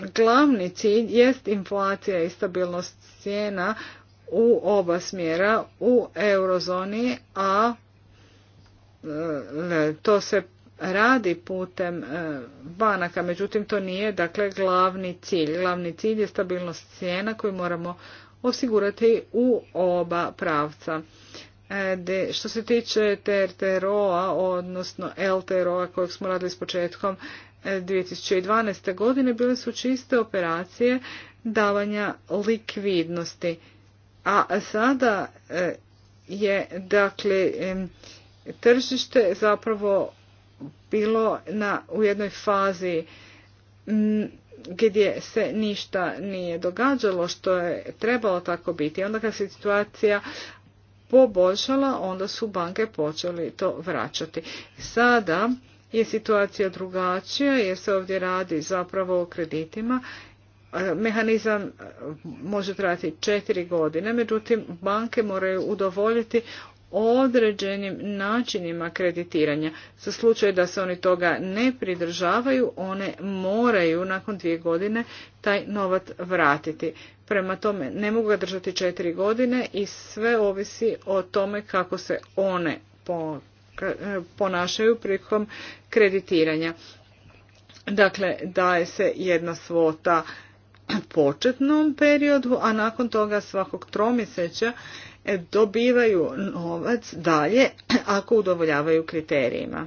S4: Glavni cilj jest inflacija i stabilnost cijena u oba smjera u eurozoni, a e, e, to se radi putem e, banaka, međutim to nije dakle glavni cilj. Glavni cilj je stabilnost cijena koju moramo osigurati u oba pravca. što se tiče TRTRO-a, odnosno LTRO-a kojeg smo radili s početkom 2012. godine bile su čiste operacije davanja likvidnosti. A sada e, je dakle tržište zapravo bilo na, u jednoj fazi gdje se ništa nije događalo što je trebalo tako biti. Onda kad se situacija poboljšala, onda su banke počeli to vraćati. Sada je situacija drugačija jer se ovdje radi zapravo o kreditima. E, mehanizam e, može trajati četiri godine, međutim banke moraju udovoljiti određenim načinima kreditiranja. Za slučaj da se oni toga ne pridržavaju, one moraju nakon dvije godine taj novac vratiti. Prema tome ne mogu ga držati četiri godine i sve ovisi o tome kako se one E, ponašaju prilikom kreditiranja. Dakle, daje se jedna svota početnom periodu, a nakon toga svakog tromiseća e, dobivaju novac dalje ako udovoljavaju kriterijima.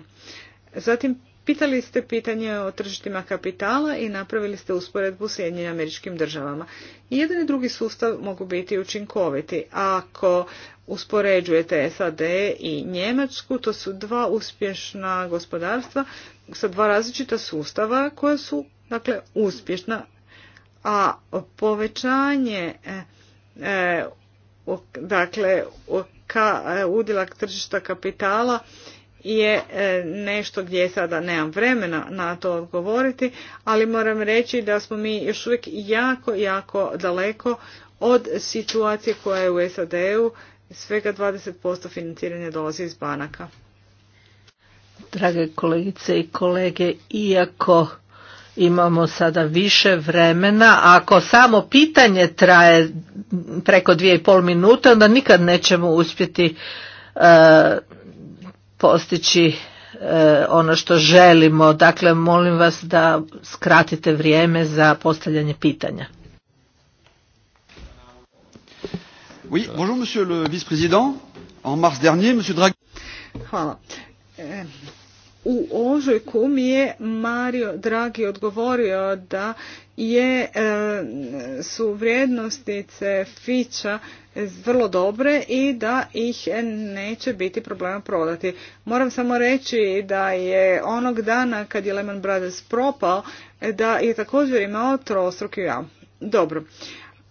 S4: Zatim Pitali ste pitanje o tržištima kapitala i napravili ste usporedbu s američkim državama. Jedan i drugi sustav mogu biti učinkoviti. Ako uspoređujete SAD i Njemačku, to su dva uspješna gospodarstva sa dva različita sustava koja su dakle uspješna, a povećanje e, e, dakle ka, e, udjela tržišta kapitala je e, nešto gdje sada nemam vremena na to odgovoriti, ali moram reći da smo mi još uvijek jako, jako daleko od situacije koja je u SAD-u, svega 20% financiranja dolazi iz banaka.
S3: Drage kolegice i kolege, iako imamo sada više vremena, ako samo pitanje traje preko dvije i pol minute, onda nikad nećemo uspjeti e, postići e, ono što želimo. Dakle, molim vas da skratite vrijeme za postavljanje pitanja.
S4: Hvala. u ožujku mi je Mario Draghi odgovorio da je, e, su vrijednostice Fića vrlo dobre i da ih neće biti problema prodati. Moram samo reći da je onog dana kad je Lehman Brothers propao da je također imao trostruki ja. Dobro.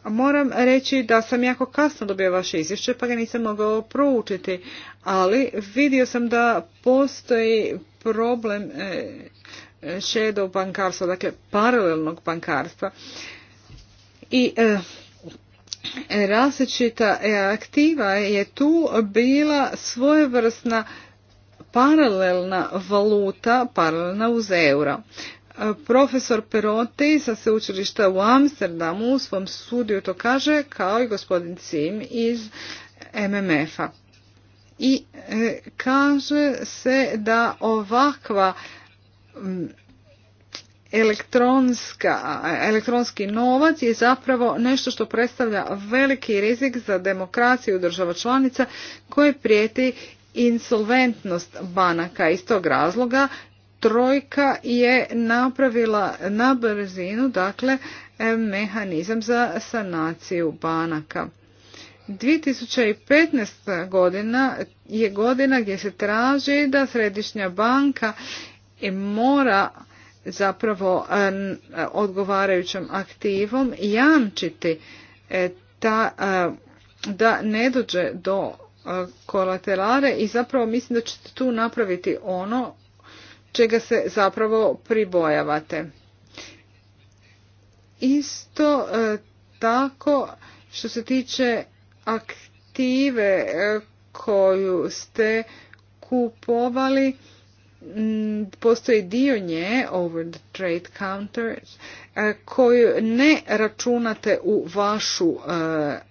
S4: Moram reći da sam jako kasno dobio vaše izvješće pa ga nisam mogao proučiti, ali vidio sam da postoji problem e, shadow bankarstva, dakle paralelnog bankarstva. I e, različita e, aktiva je tu bila svojevrsna paralelna valuta, paralelna uz euro. E, profesor Perotti sa sveučilišta u Amsterdamu u svom studiju to kaže kao i gospodin Sim iz MMF-a. I e, kaže se da ovakva elektronska, elektronski novac je zapravo nešto što predstavlja veliki rizik za demokraciju država članica koje prijeti insolventnost banaka. Iz tog razloga trojka je napravila na brzinu dakle mehanizam za sanaciju banaka. 2015. godina je godina gdje se traži da središnja banka mora zapravo e, e, odgovarajućom aktivom jamčiti e, ta, da ne dođe do kolatelare i zapravo mislim da ćete tu napraviti ono čega se zapravo pribojavate. Isto tako što se tiče aktive koju ste kupovali Mm, postoji dio nje, over the trade counter e, koju ne računate u vašu e,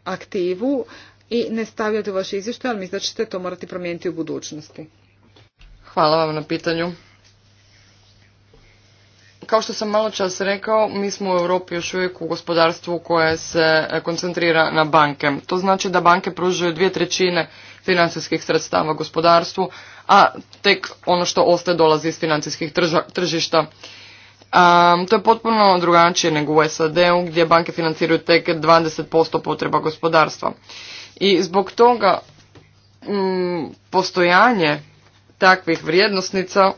S4: aktivu i ne stavljate u vaše izvještaj ali mislim znači da ćete to morati promijeniti u
S2: budućnosti. Hvala vam na pitanju. Kao što sam malo čas rekao, mi smo u Europi još uvijek u gospodarstvu koje se e, koncentrira na banke. To znači da banke pružaju dvije trećine financijskih sredstava gospodarstvu, a tek ono što ostaje dolazi iz financijskih tržišta. to je potpuno drugačije nego u SAD-u gdje banke financiraju tek 20% potreba gospodarstva. I zbog toga mm, postojanje takvih vrijednosnica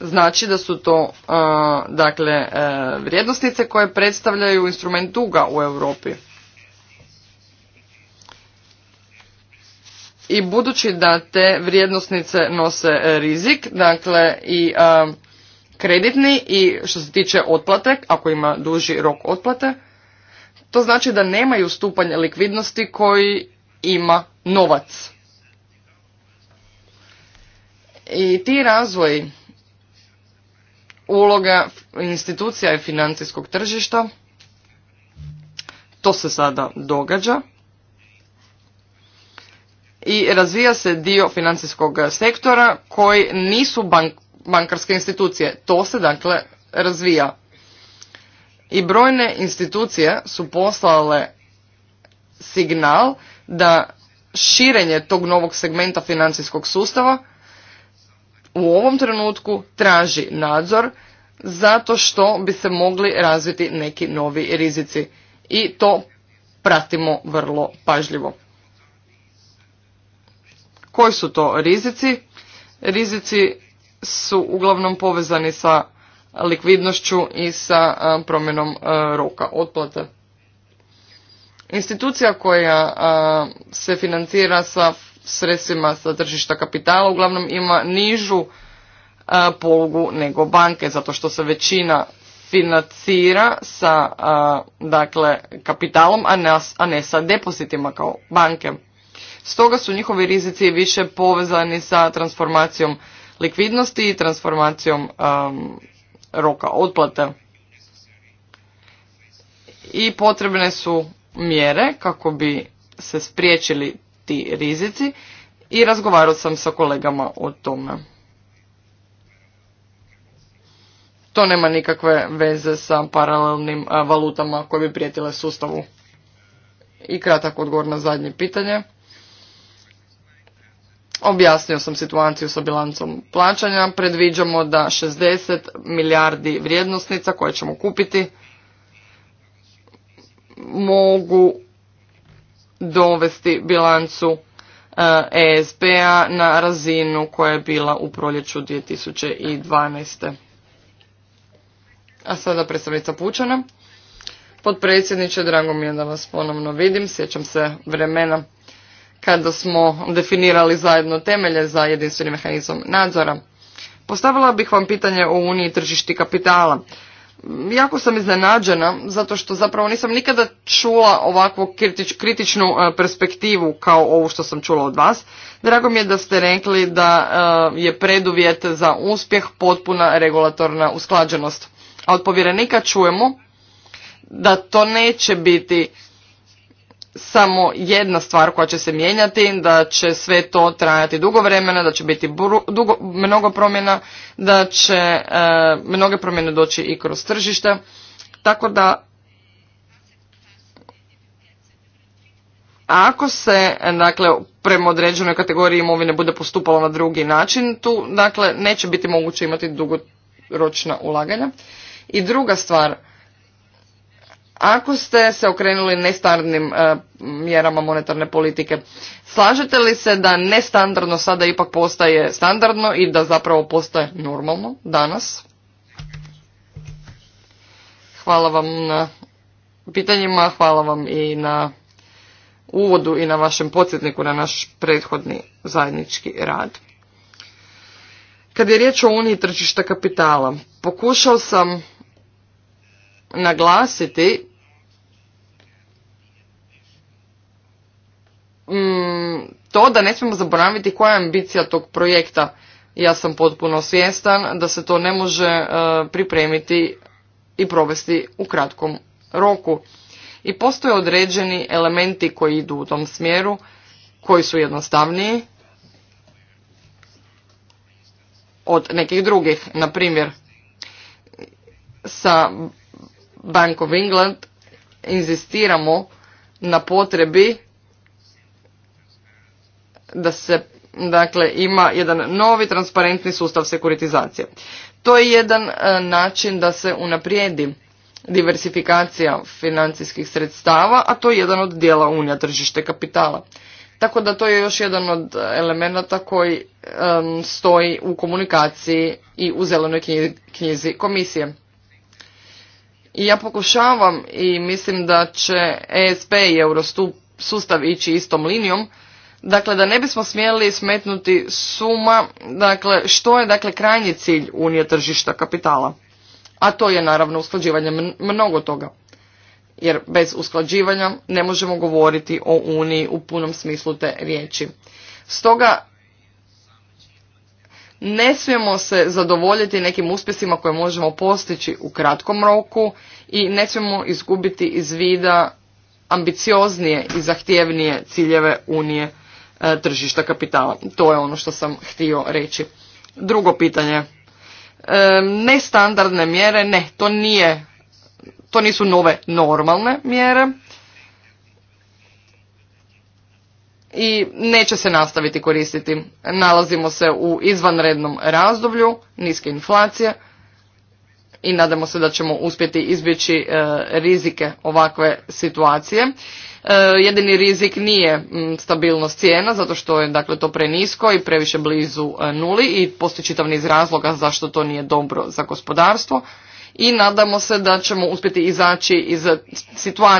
S2: znači da su to dakle uh, vrijednosnice koje predstavljaju instrument duga u Europi. i budući da te vrijednosnice nose e, rizik, dakle i kreditni i što se tiče otplate, ako ima duži rok otplate, to znači da nemaju stupanj likvidnosti koji ima novac. I ti razvoji uloga institucija i financijskog tržišta, to se sada događa i razvija se dio financijskog sektora koji nisu bankarske institucije. To se dakle razvija. I brojne institucije su poslale signal da širenje tog novog segmenta financijskog sustava u ovom trenutku traži nadzor zato što bi se mogli razviti neki novi rizici. I to pratimo vrlo pažljivo. Koji su to rizici? Rizici su uglavnom povezani sa likvidnošću i sa promjenom roka otplate. Institucija koja se financira sa sredstvima sa tržišta kapitala uglavnom ima nižu polugu nego banke zato što se većina financira sa dakle kapitalom a ne, sa depozitima kao banke. Stoga su njihovi rizici više povezani sa transformacijom likvidnosti i transformacijom um, roka otplate. I potrebne su mjere kako bi se spriječili ti rizici i razgovarao sam sa kolegama o tome. To nema nikakve veze sa paralelnim uh, valutama koje bi prijetile sustavu. I kratak odgovor na zadnje pitanje. Objasnio sam situaciju sa bilancom plaćanja. Predviđamo da 60 milijardi vrijednosnica koje ćemo kupiti mogu dovesti bilancu ESP-a eh, e na razinu koja je bila u proljeću 2012. A sada predstavnica Pučana. Potpredsjedniče, drago mi je da vas ponovno vidim. Sjećam se vremena kada smo definirali zajedno temelje za jedinstveni mehanizam nadzora. Postavila bih vam pitanje o Uniji tržišti kapitala. Jako sam iznenađena zato što zapravo nisam nikada čula ovakvu kritičnu e, perspektivu kao ovu što sam čula od vas. Drago mi je da ste rekli da e, je preduvjet za uspjeh potpuna regulatorna usklađenost. A od povjerenika čujemo da to neće biti samo jedna stvar koja će se mijenjati, da će sve to trajati dugo vremena, da će biti mnogo promjena, da će e, mnoge promjene doći i kroz tržište. Tako da ako se dakle prema određenoj kategoriji imovine bude postupalo na drugi način, tu dakle neće biti moguće imati dugoročna ulaganja. I druga stvar, ako ste se okrenuli nestandardnim e, mjerama monetarne politike. Slažete li se da nestandardno sada ipak postaje standardno i da zapravo postaje normalno danas? Hvala vam na pitanjima, hvala vam i na uvodu i na vašem podsjetniku na naš prethodni zajednički rad. Kad je riječ o Uniji tržišta kapitala, pokušao sam naglasiti Mm, to da ne smijemo zaboraviti koja je ambicija tog projekta. Ja sam potpuno svjestan da se to ne može e, pripremiti i provesti u kratkom roku. I postoje određeni elementi koji idu u tom smjeru, koji su jednostavniji od nekih drugih. Na primjer, sa Bank of England inzistiramo na potrebi da se dakle ima jedan novi transparentni sustav sekuritizacije. To je jedan e, način da se unaprijedi diversifikacija financijskih sredstava, a to je jedan od dijela unija tržište kapitala. Tako da to je još jedan od elemenata koji stoji u komunikaciji i u zelenoj knjizi komisije. I ja pokušavam i mislim da će ESP i Eurostup sustav ići istom linijom, Dakle, da ne bismo smjeli smetnuti suma, dakle, što je dakle krajnji cilj Unije tržišta kapitala. A to je naravno usklađivanje mnogo toga. Jer bez usklađivanja ne možemo govoriti o Uniji u punom smislu te riječi. Stoga ne smijemo se zadovoljiti nekim uspjesima koje možemo postići u kratkom roku i ne smijemo izgubiti iz vida ambicioznije i zahtjevnije ciljeve Unije E, tržišta kapitala. To je ono što sam htio reći. Drugo pitanje. E, nestandardne mjere, ne, to nije, to nisu nove normalne mjere. i neće se nastaviti koristiti. Nalazimo se u izvanrednom razdoblju, niske inflacije i nadamo se da ćemo uspjeti izbjeći e, rizike ovakve situacije E, jedini rizik nije mm, stabilnost cijena zato što je dakle to prenisko i previše blizu e, nuli i postoji čitav niz razloga zašto to nije dobro za gospodarstvo i nadamo se da ćemo uspjeti izaći iz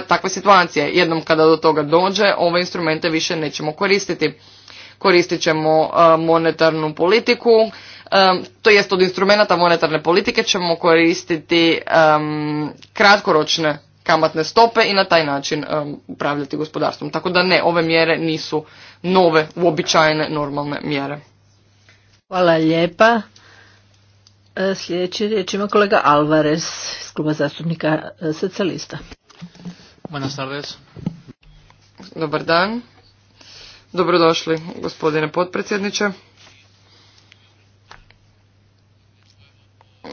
S2: takve situacije. Jednom kada do toga dođe, ove instrumente više nećemo koristiti. Koristit ćemo e, monetarnu politiku, to jest od instrumenta monetarne politike ćemo koristiti kratkoročne kamatne stope i na taj način upravljati gospodarstvom. Tako da ne, ove mjere nisu nove, uobičajene, normalne mjere.
S3: Hvala lijepa. E, sljedeći riječ ima kolega Alvarez iz kluba zastupnika e,
S2: socijalista. Buenas tardes. Dobar dan. Dobrodošli gospodine potpredsjedniče.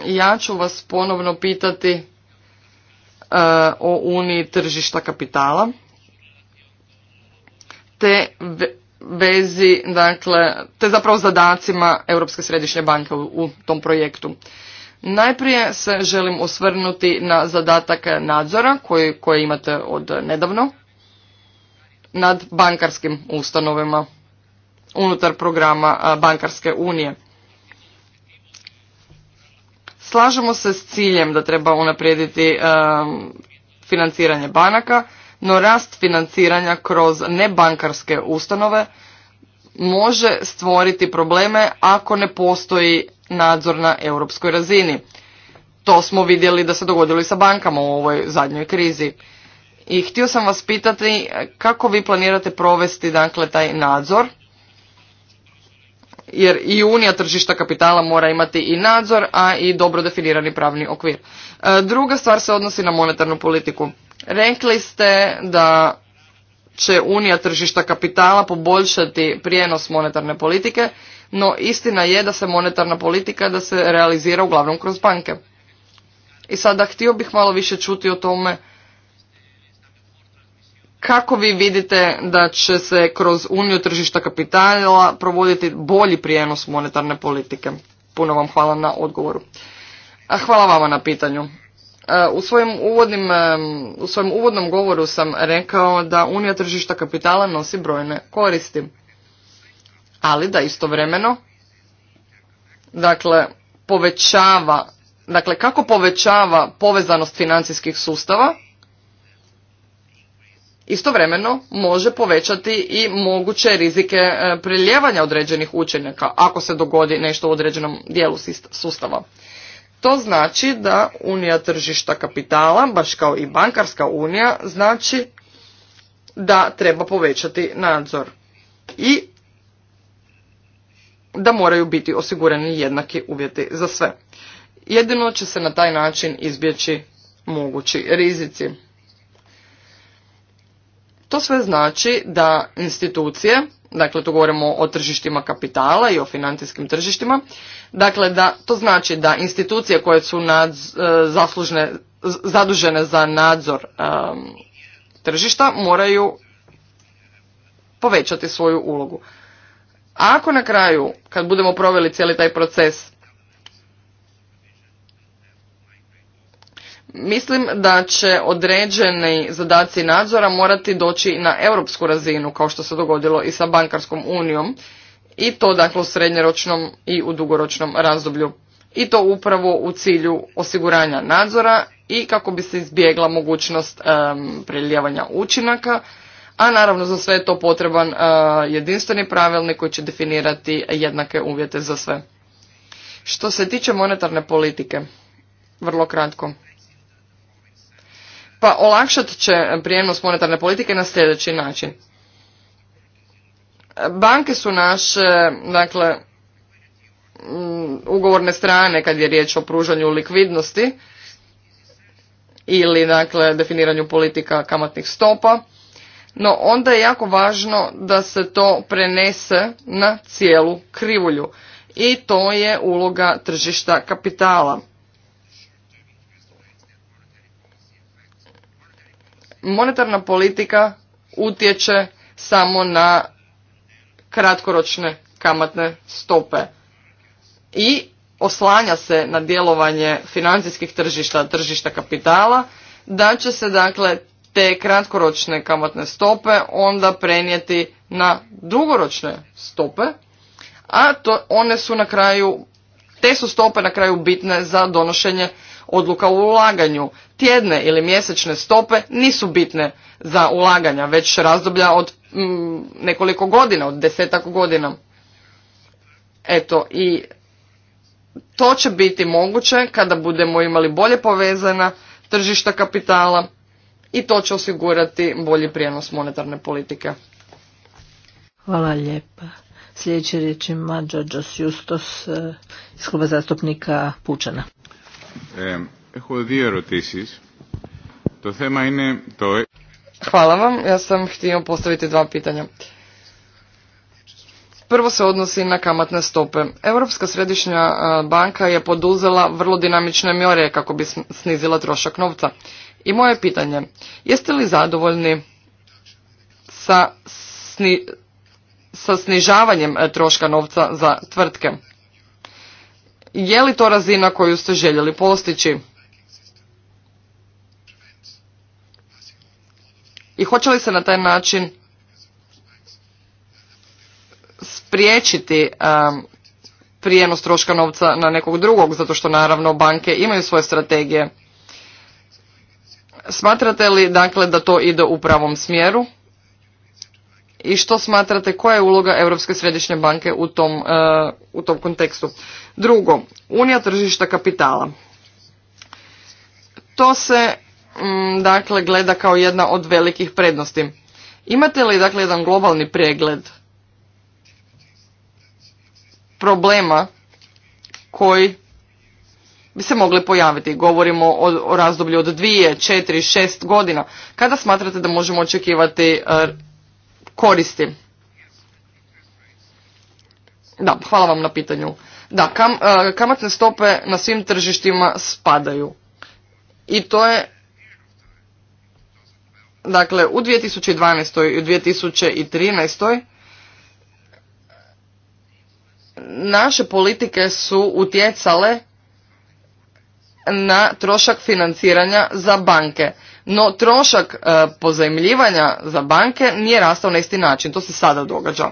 S2: Ja ću vas ponovno pitati E, o uniji tržišta kapitala te vezi, dakle, te zapravo zadacima Europske središnje banke u, tom projektu. Najprije se želim osvrnuti na zadatak nadzora koji, koje imate od nedavno nad bankarskim ustanovima unutar programa Bankarske unije. Slažemo se s ciljem da treba unaprijediti financiranje banaka, no rast financiranja kroz nebankarske ustanove može stvoriti probleme ako ne postoji nadzor na europskoj razini. To smo vidjeli da se dogodilo i sa bankama u ovoj zadnjoj krizi. I htio sam vas pitati kako vi planirate provesti dakle taj nadzor jer i unija tržišta kapitala mora imati i nadzor, a i dobro definirani pravni okvir. E, druga stvar se odnosi na monetarnu politiku. Rekli ste da će unija tržišta kapitala poboljšati prijenos monetarne politike, no istina je da se monetarna politika da se realizira uglavnom kroz banke. I sada htio bih malo više čuti o tome kako vi vidite da će se kroz uniju tržišta kapitala provoditi bolji prijenos monetarne politike? Puno vam hvala na odgovoru. Hvala vama na pitanju. E, u svojim uvodnim, e, u svojem uvodnom govoru sam rekao da unija tržišta kapitala nosi brojne koristi. Ali da istovremeno dakle povećava, dakle kako povećava povezanost financijskih sustava istovremeno može povećati i moguće rizike e, priljevanja određenih učenjaka ako se dogodi nešto u određenom dijelu sustava. To znači da unija tržišta kapitala, baš kao i bankarska unija, znači da treba povećati nadzor i da moraju biti osigurani jednaki uvjeti za sve. Jedino će se na taj način izbjeći mogući rizici. To sve znači da institucije, dakle tu govorimo o tržištima kapitala i o financijskim tržištima, dakle da to znači da institucije koje su nad, e, zaslužne, zadužene za nadzor e, tržišta moraju povećati svoju ulogu. A ako na kraju, kad budemo proveli cijeli taj proces, Mislim da će određeni zadaci nadzora morati doći na europsku razinu, kao što se dogodilo i sa bankarskom unijom, i to dakle u srednjeročnom i u dugoročnom razdoblju. I to upravo u cilju osiguranja nadzora i kako bi se izbjegla mogućnost um, prelijevanja učinaka, a naravno za sve je to potreban e, jedinstveni pravilnik koji će definirati jednake uvjete za sve. Što se tiče monetarne politike, vrlo kratko pa olakšat će prijenos monetarne politike na sljedeći način. Banke su naše, dakle, mm, ugovorne strane kad je riječ o pružanju likvidnosti ili dakle definiranju politika kamatnih stopa. No onda je jako važno da se to prenese na cijelu krivulju i to je uloga tržišta kapitala. monetarna politika utječe samo na kratkoročne kamatne stope i oslanja se na djelovanje financijskih tržišta, tržišta kapitala, da će se dakle te kratkoročne kamatne stope onda prenijeti na dugoročne stope, a to one su na kraju, te su stope na kraju bitne za donošenje odluka u ulaganju, tjedne ili mjesečne stope nisu bitne za ulaganja, već razdoblja od mm, nekoliko godina, od desetak godina. Eto, i to će biti moguće kada budemo imali bolje povezana tržišta kapitala i to će osigurati bolji prijenos monetarne politike.
S3: Hvala lijepa. Sljedeći riječ Justos eh, iz kluba
S2: zastupnika Pučana.
S1: Έχω δύο ερωτήσεις.
S2: Hvala vam. Ja sam htio postaviti dva pitanja. Prvo se odnosi na kamatne stope. Europska središnja banka je poduzela vrlo dinamične mjore kako bi snizila trošak novca. I moje pitanje, jeste li zadovoljni sa, sa snižavanjem e, troška novca za tvrtke? Je li to razina koju ste željeli postići? I hoće li se na taj način spriječiti prijenost um, prijenos troška novca na nekog drugog, zato što naravno banke imaju svoje strategije. Smatrate li dakle da to ide u pravom smjeru? I što smatrate koja je uloga Europske središnje banke u tom, uh, u tom kontekstu? Drugo, unija tržišta kapitala. To se Mm, dakle gleda kao jedna od velikih prednosti. Imate li dakle jedan globalni pregled problema koji bi se mogli pojaviti. Govorimo o, razdoblju od dvije, četiri, šest godina. Kada smatrate da možemo očekivati e, koristi? Da, hvala vam na pitanju. Da, kam, e, kamatne stope na svim tržištima spadaju. I to je Dakle, u 2012. i 2013. naše politike su utjecale na trošak financiranja za banke. No trošak e, pozajmljivanja za banke nije rastao na isti način, to se sada događa.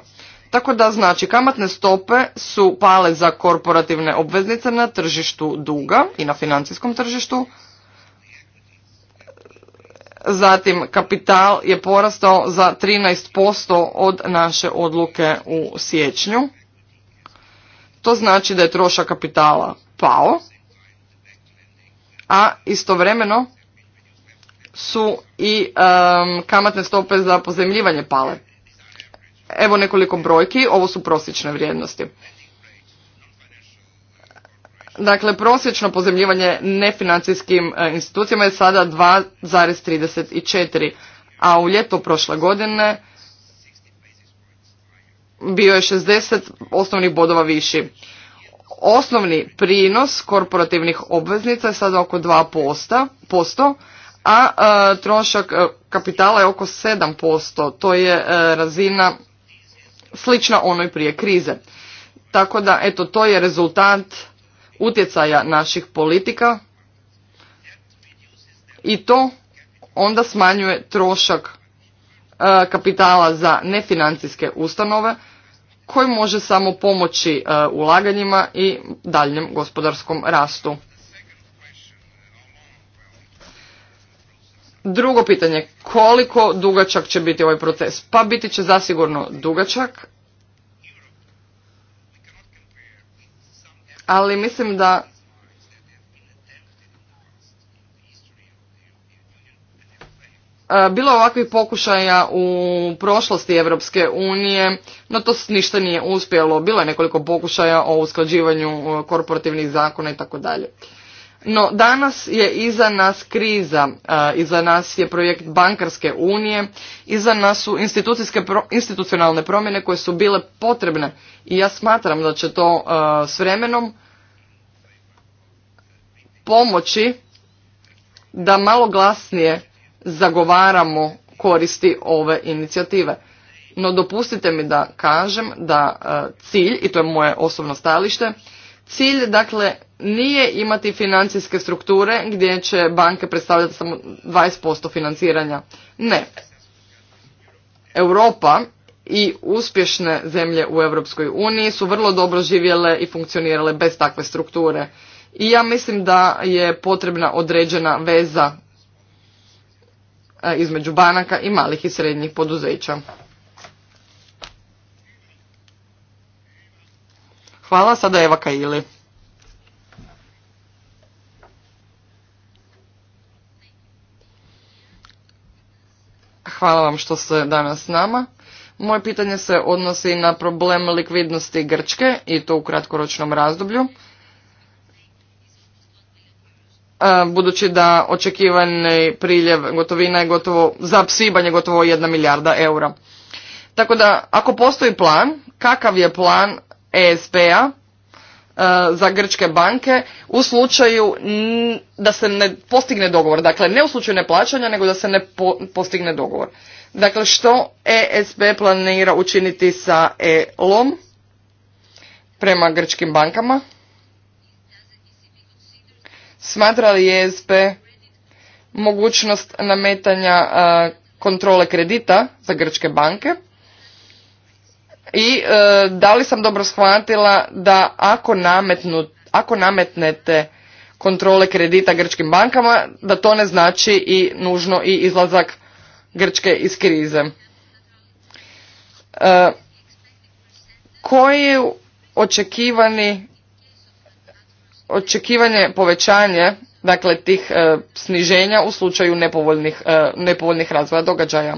S2: Tako da znači kamatne stope su pale za korporativne obveznice na tržištu duga i na financijskom tržištu, Zatim kapital je porastao za 13% od naše odluke u siječnju. To znači da je trošak kapitala pao, a istovremeno su i kamatne stope za pozemljivanje pale. Evo nekoliko brojki, ovo su prosječne vrijednosti. Dakle, prosječno pozemljivanje nefinancijskim e, institucijama je sada 2,34, a u ljetu prošle godine bio je 60 osnovnih bodova viši. Osnovni prinos korporativnih obveznica je sada oko 2%, posto, a e, trošak e, kapitala je oko 7%. To je razina slična onoj prije krize. Tako da, eto, to je rezultat utjecaja naših politika i to onda smanjuje trošak e, kapitala za nefinancijske ustanove koji može samo pomoći e, ulaganjima i daljnjem gospodarskom rastu. Drugo pitanje, koliko dugačak će biti ovaj proces? Pa biti će zasigurno dugačak, ali mislim da e, Bilo je ovakvih pokušaja u prošlosti Europske unije, no to ništa nije uspjelo. Bilo je nekoliko pokušaja o usklađivanju e, korporativnih zakona i tako dalje. No danas je iza nas kriza, e, iza nas je projekt bankarske unije, iza nas su institucionalne promjene koje su bile potrebne i ja smatram da će to e, s vremenom pomoći da malo glasnije zagovaramo koristi ove inicijative. No dopustite mi da kažem da e, cilj, i to je moje osobno stajalište, cilj dakle nije imati financijske strukture gdje će banke predstavljati samo 20% financiranja. Ne. Europa i uspješne zemlje u Europskoj uniji su vrlo dobro živjele i funkcionirale bez takve strukture. I ja mislim da je potrebna određena veza e, između banaka i malih i srednjih poduzeća. Hvala, sada Eva Kaili. hvala vam što ste danas s nama. Moje pitanje se odnosi na problem likvidnosti Grčke i to u kratkoročnom razdoblju. E, budući da očekivani priljev gotovina je gotovo, za psibanje gotovo jedna milijarda eura. Tako da, ako postoji plan, kakav je plan ESP-a E, za grčke banke u slučaju da se ne postigne dogovor. Dakle, ne u slučaju neplaćanja, nego da se ne postigne dogovor. Dakle, što ESB planira učiniti sa ELOM prema grčkim bankama? Smatra li ESB mogućnost nametanja e, kontrole kredita za grčke banke? i e, da li sam dobro shvatila da ako, nametnu, ako nametnete kontrole kredita grčkim bankama, da to ne znači i nužno i izlazak Grčke iz krize. E, koji očekivani očekivanje povećanje dakle tih e, sniženja u slučaju nepovoljnih, nepovoljnih razvoja događaja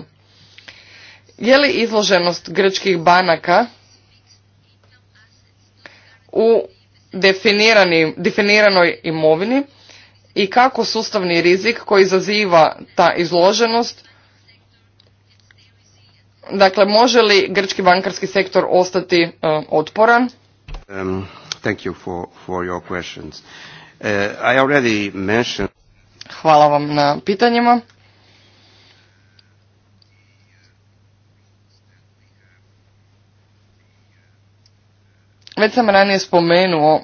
S2: je li izloženost grčkih banaka u definiranoj imovini i kako sustavni rizik koji izaziva ta izloženost Dakle, može li grčki bankarski sektor ostati otporan? thank Hvala vam na pitanjima. Već sam ranije spomenuo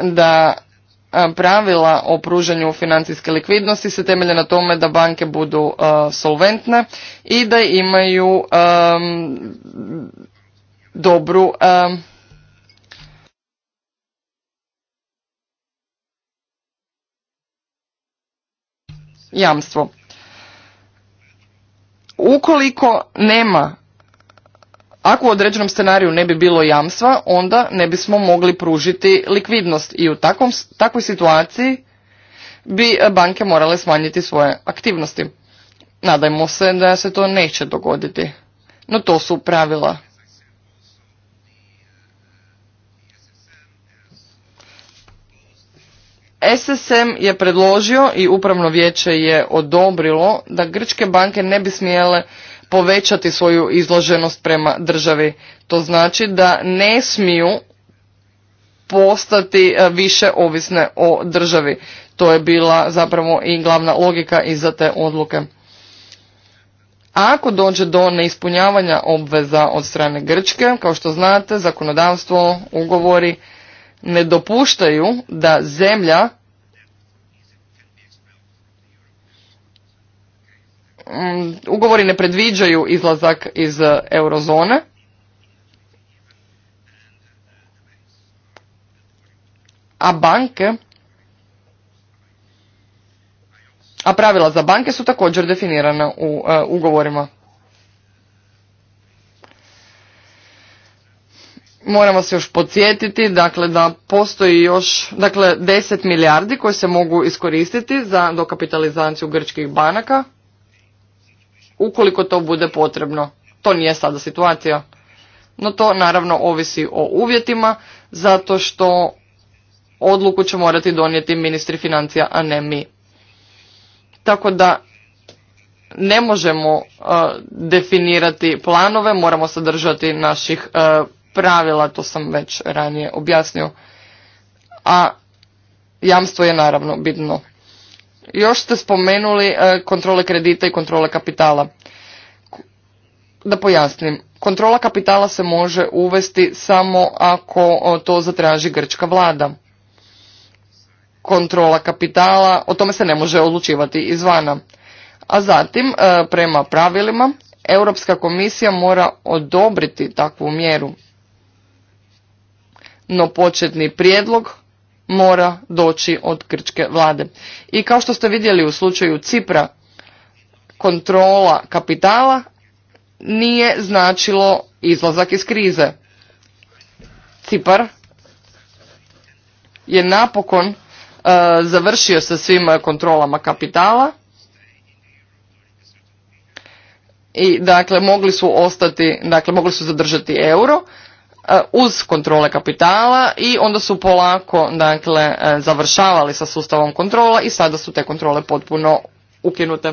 S2: da pravila o pružanju financijske likvidnosti se temelje na tome da banke budu solventne i da imaju dobru jamstvo. Ukoliko nema ako u određenom scenariju ne bi bilo jamstva, onda ne bismo mogli pružiti likvidnost i u takvom, takvoj situaciji bi e, banke morale smanjiti svoje aktivnosti. Nadajmo se da se to neće dogoditi. No to su pravila. SSM je predložio i upravno vijeće je odobrilo da grčke banke ne bi smjele povećati svoju izloženost prema državi. To znači da ne smiju postati e, više ovisne o državi. To je bila zapravo i glavna logika iza te odluke. Ako dođe do neispunjavanja obveza od strane Grčke, kao što znate, zakonodavstvo, ugovori ne dopuštaju da zemlja Mm, ugovori ne predviđaju izlazak iz eh, eurozone. A banke, a pravila za banke su također definirana u eh, ugovorima. Moramo se još podsjetiti dakle, da postoji još dakle, 10 milijardi koje se mogu iskoristiti za dokapitalizaciju grčkih banaka ukoliko to bude potrebno. To nije sada situacija. No to naravno ovisi o uvjetima, zato što odluku će morati donijeti ministri financija, a ne mi. Tako da ne možemo e, definirati planove, moramo sadržati naših e, pravila, to sam već ranije objasnio. A jamstvo je naravno bitno. Još ste spomenuli e, kontrole kredita i kontrole kapitala. Da pojasnim, kontrola kapitala se može uvesti samo ako to zatraži grčka vlada. Kontrola kapitala, o tome se ne može odlučivati izvana. A zatim, e, prema pravilima, Europska komisija mora odobriti takvu mjeru. No početni prijedlog mora doći od grčke vlade. I kao što ste vidjeli u slučaju Cipra, kontrola kapitala nije značilo izlazak iz krize. Cipar je napokon e, završio sa svim kontrolama kapitala i dakle mogli su ostati, dakle mogli su zadržati euro, E, uz kontrole kapitala i onda su polako dakle e, završavali sa sustavom kontrola i sada su te kontrole potpuno ukinute.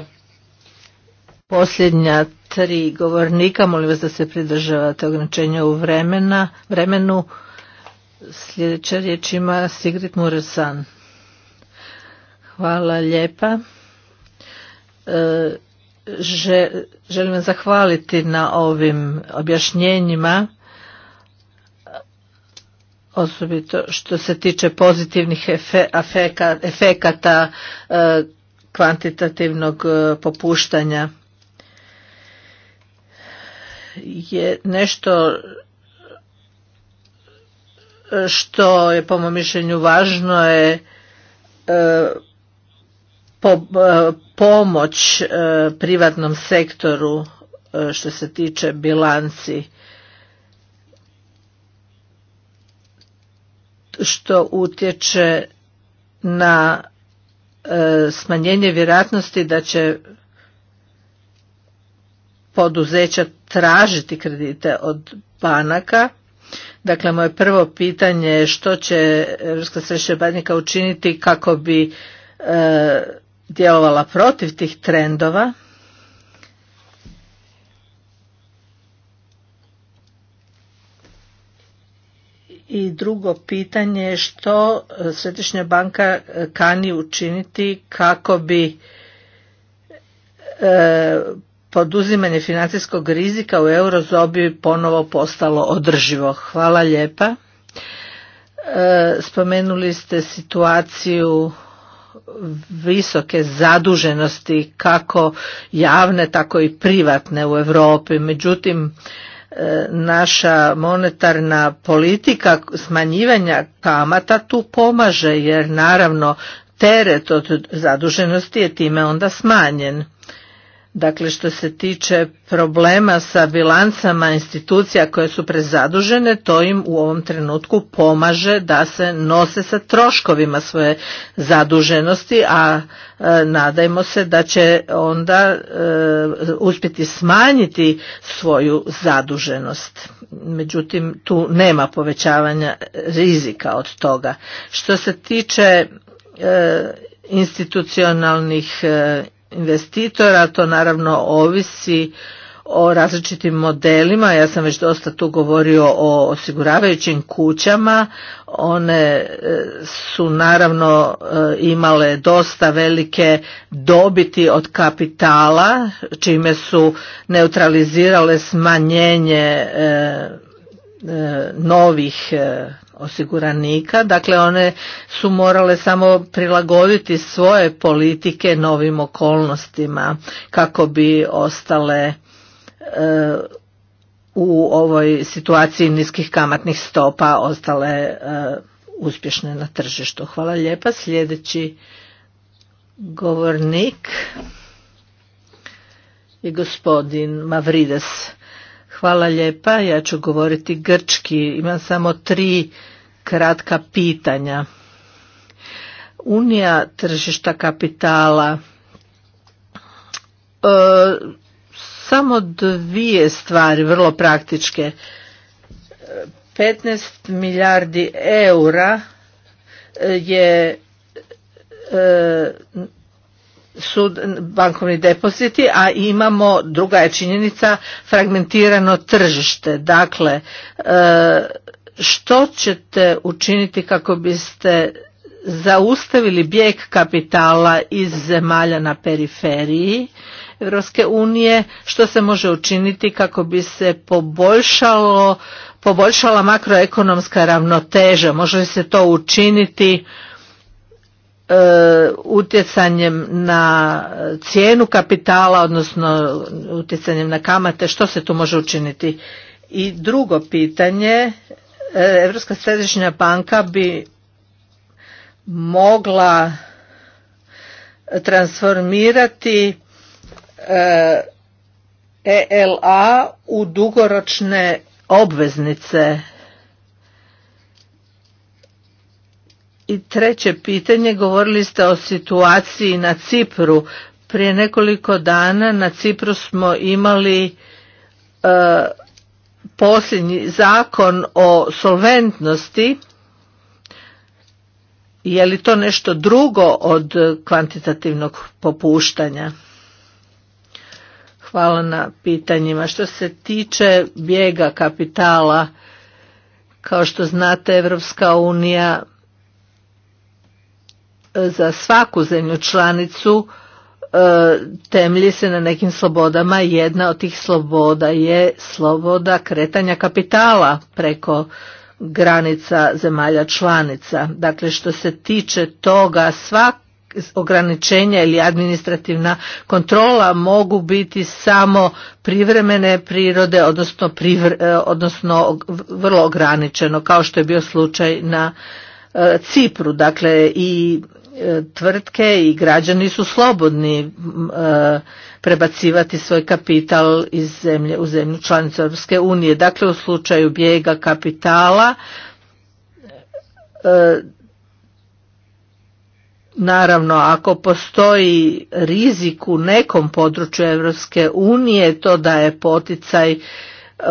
S3: Posljednja tri govornika, molim vas da se pridržavate ograničenja u vremena, vremenu. Sljedeća riječ ima Sigrid Muresan. Hvala lijepa. E, želim vam zahvaliti na ovim objašnjenjima osobito što se tiče pozitivnih efekata e, kvantitativnog e, popuštanja je nešto e, što je po mom mišljenju važno je pomoć privatnom sektoru što se tiče bilanci što utječe na e, smanjenje vjerojatnosti da će poduzeća tražiti kredite od banaka. Dakle, moje prvo pitanje je što će Europska središnja banka učiniti kako bi e, djelovala protiv tih trendova. I drugo pitanje je što e, Središnja banka e, kani učiniti kako bi e, poduzimanje financijskog rizika u eurozobi ponovo postalo održivo. Hvala lijepa. Spomenuli ste situaciju visoke zaduženosti kako javne tako i privatne u Europi. Međutim E, naša monetarna politika smanjivanja kamata tu pomaže jer naravno teret od zaduženosti je time onda smanjen Dakle, što se tiče problema sa bilancama institucija koje su prezadužene, to im u ovom trenutku pomaže da se nose sa troškovima svoje zaduženosti, a e, nadajmo se da će onda e, uspjeti smanjiti svoju zaduženost. Međutim, tu nema povećavanja rizika od toga. Što se tiče e, institucionalnih investitora, to naravno ovisi o različitim modelima, ja sam već dosta tu govorio o osiguravajućim kućama, one e, su naravno e, imale dosta velike dobiti od kapitala, čime su neutralizirale smanjenje e, novih osiguranika, dakle one su morale samo prilagoditi svoje politike novim okolnostima kako bi ostale e, u ovoj situaciji niskih kamatnih stopa ostale e, uspješne na tržištu. Hvala lijepa. Sljedeći govornik je gospodin Mavrides. Hvala lijepa, ja ću govoriti grčki, imam samo tri kratka pitanja. Unija tržišta kapitala, e, samo dvije stvari vrlo praktičke. 15 milijardi eura je e, su bankovni depoziti, a imamo, druga je činjenica, fragmentirano tržište. Dakle, e, što ćete učiniti kako biste zaustavili bijeg kapitala iz zemalja na periferiji Europske unije, što se može učiniti kako bi se poboljšalo, poboljšala makroekonomska ravnoteža, može li se to učiniti E, utjecanjem na cijenu kapitala, odnosno utjecanjem na kamate, što se tu može učiniti? I drugo pitanje, Europska središnja banka bi mogla transformirati ELA e u dugoročne obveznice I treće pitanje, govorili ste o situaciji na Cipru. Prije nekoliko dana na Cipru smo imali e, posljednji zakon o solventnosti. Je li to nešto drugo od kvantitativnog popuštanja? Hvala na pitanjima. Što se tiče bijega kapitala, kao što znate, Evropska unija za svaku zemlju članicu e, temelji se na nekim slobodama. Jedna od tih sloboda je sloboda kretanja kapitala preko granica zemalja članica. Dakle, što se tiče toga, svak ograničenja ili administrativna kontrola mogu biti samo privremene prirode, odnosno, e, odnosno vrlo ograničeno, kao što je bio slučaj na e, Cipru. Dakle, i E, tvrtke i građani su slobodni e, prebacivati svoj kapital iz zemlje u zemlju članicu Europske unije. Dakle, u slučaju bijega kapitala e, Naravno, ako postoji rizik u nekom području Europske unije, to daje poticaj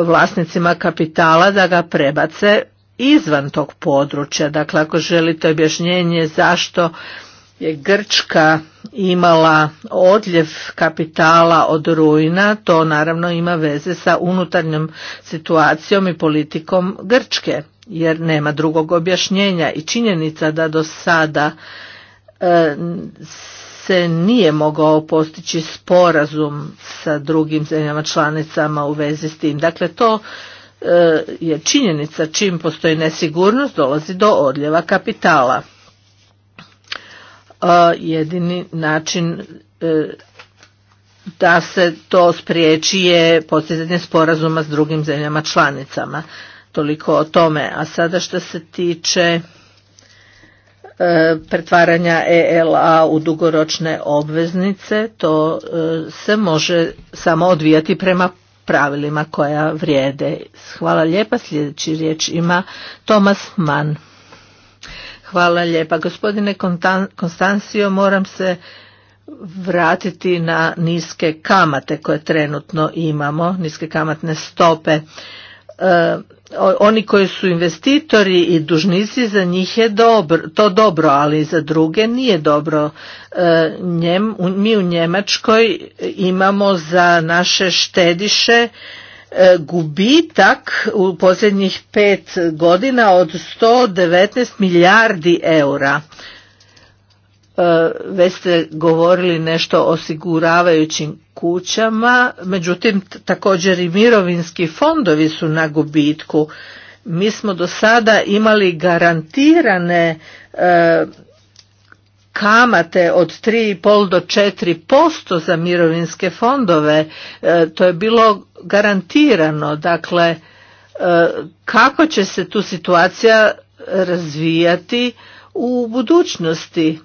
S3: vlasnicima kapitala da ga prebace izvan tog područja. Dakle, ako želite objašnjenje zašto je Grčka imala odljev kapitala od rujna, to naravno ima veze sa unutarnjom situacijom i politikom Grčke, jer nema drugog objašnjenja i činjenica da do sada e, se nije mogao postići sporazum sa drugim zemljama članicama u vezi s tim. Dakle, to E, je činjenica čim postoji nesigurnost dolazi do odljeva kapitala. E, jedini način e, da se to spriječi je postizanje sporazuma s drugim zemljama članicama. Toliko o tome. A sada što se tiče pretvaranja ELA u dugoročne obveznice, to se može samo odvijati prema pravilima koja vrijede. Hvala lijepa, sljedeći riječ ima Tomas Mann. Hvala lijepa. Gospodine Konstancio, moram se vratiti na niske kamate koje trenutno imamo, niske kamatne stope. E, oni koji su investitori i dužnici za njih je dobro, to dobro, ali za druge nije dobro. E, mi u Njemačkoj imamo za naše štediše e, gubitak u posljednjih pet godina od 119 milijardi eura. E, već ste govorili nešto o osiguravajućim kućama, međutim također i mirovinski fondovi su na gubitku. Mi smo do sada imali garantirane e, kamate od 3,5 do 4% za mirovinske fondove. E, to je bilo garantirano. Dakle, kako će se tu situacija razvijati u budućnosti?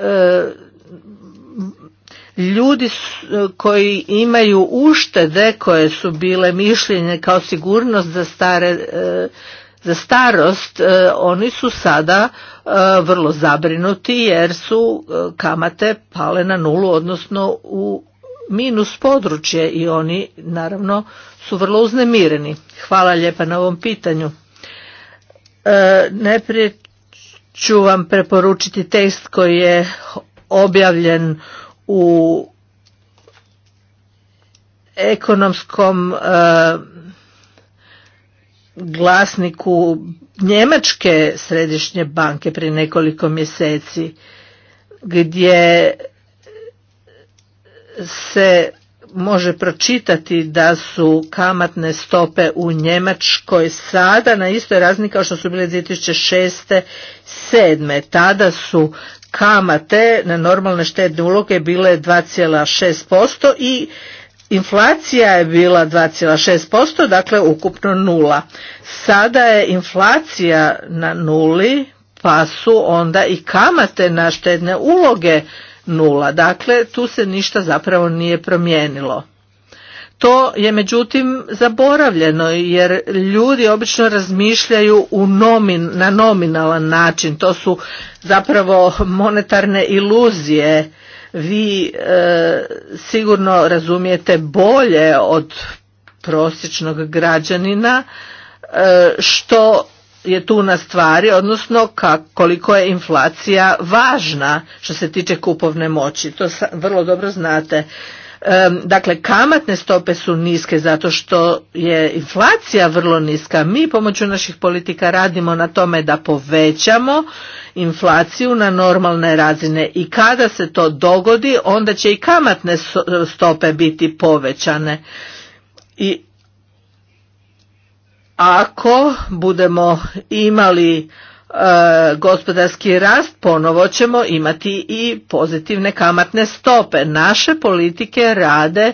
S3: E, ljudi koji imaju uštede koje su bile mišljenje kao sigurnost za stare e, za starost e, oni su sada vrlo zabrinuti jer su kamate pale na nulu odnosno u minus područje i oni naravno su vrlo uznemireni. Hvala lijepa na ovom pitanju. Najprije ću vam preporučiti tekst koji je objavljen u ekonomskom e, glasniku Njemačke središnje banke prije nekoliko mjeseci gdje se može pročitati da su kamatne stope u Njemačkoj sada na istoj razini kao što su bile 2006. 7. Tada su kamate na normalne štedne uloge bile 2,6% i inflacija je bila 2,6%, dakle ukupno nula. Sada je inflacija na nuli, pa su onda i kamate na štedne uloge nula. Dakle, tu se ništa zapravo nije promijenilo. To je međutim zaboravljeno jer ljudi obično razmišljaju u nomin, na nominalan način. To su zapravo monetarne iluzije. Vi e, sigurno razumijete bolje od prosječnog građanina e, što je tu na stvari, odnosno koliko je inflacija važna što se tiče kupovne moći. To vrlo dobro znate. Dakle, kamatne stope su niske zato što je inflacija vrlo niska. Mi pomoću naših politika radimo na tome da povećamo inflaciju na normalne razine i kada se to dogodi onda će i kamatne stope biti povećane. I ako budemo imali e, gospodarski rast ponovo ćemo imati i pozitivne kamatne stope. Naše politike rade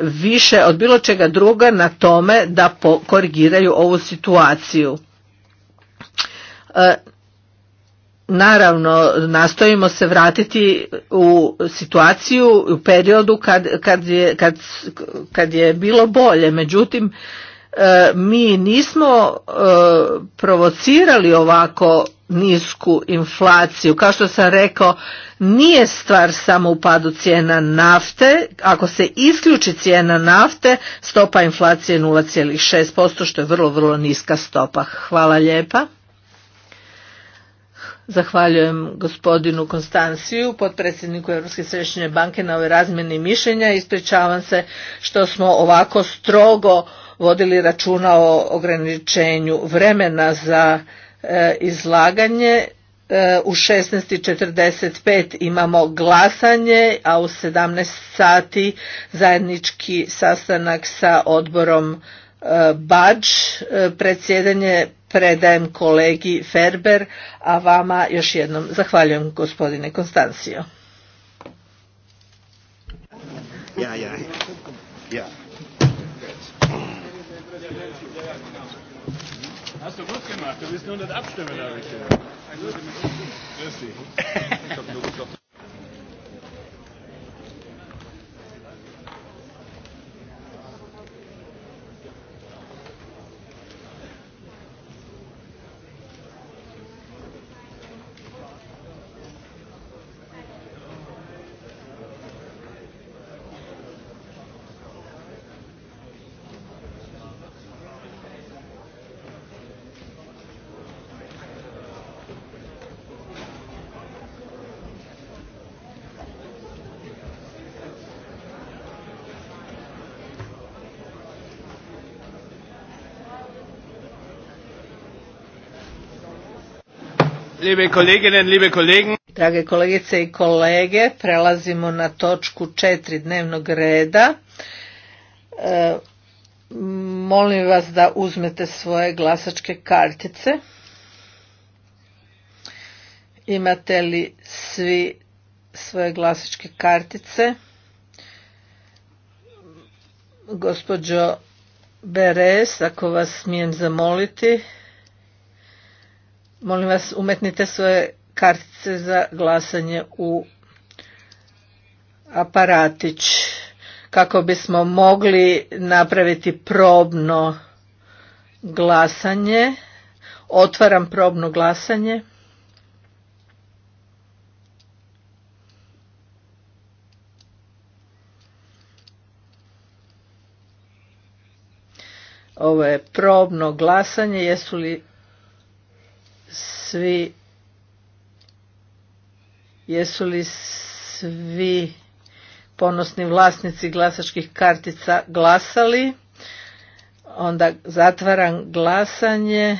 S3: više od bilo čega druga na tome da korigiraju ovu situaciju. E, naravno, nastojimo se vratiti u situaciju u periodu kad, kad, je, kad, kad je bilo bolje, međutim E, mi nismo e, provocirali ovako nisku inflaciju. Kao što sam rekao, nije stvar samo u padu cijena nafte. Ako se isključi cijena nafte, stopa inflacije je 0,6%, što je vrlo, vrlo niska stopa. Hvala lijepa. Zahvaljujem gospodinu Konstanciju, potpredsjedniku Europske središnje banke na ovoj razmjeni mišljenja. Ispričavam se što smo ovako strogo vodili računa o ograničenju vremena za e, izlaganje. E, u 16.45 imamo glasanje, a u 17 sati zajednički sastanak sa odborom e, Bač. Predsjedanje predajem kolegi Ferber, a vama još jednom zahvaljujem gospodine Konstancijo.
S1: gemacht. Du bist nur das Abstimmen, habe ich gesagt. Grüß dich. Liebe
S3: Drage kolegice i kolege, prelazimo na točku četiri dnevnog reda. E, molim vas da uzmete svoje glasačke kartice. Imate li svi svoje glasačke kartice? Gospođo Beres, ako vas smijem zamoliti, Molim vas, umetnite svoje kartice za glasanje u aparatić kako bismo mogli napraviti probno glasanje. Otvaram probno glasanje. Ovo je probno glasanje. Jesu li svi jesu li svi ponosni vlasnici glasačkih kartica glasali onda zatvaram glasanje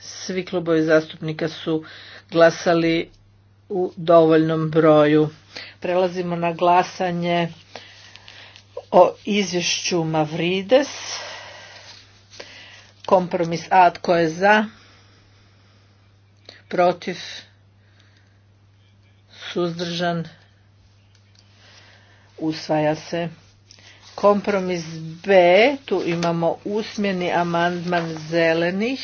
S3: svi klubovi zastupnika su glasali u dovoljnom broju prelazimo na glasanje o izvješću Mavrides kompromis A tko je za protiv, suzdržan, usvaja se. Kompromis B, tu imamo usmjeni amandman zelenih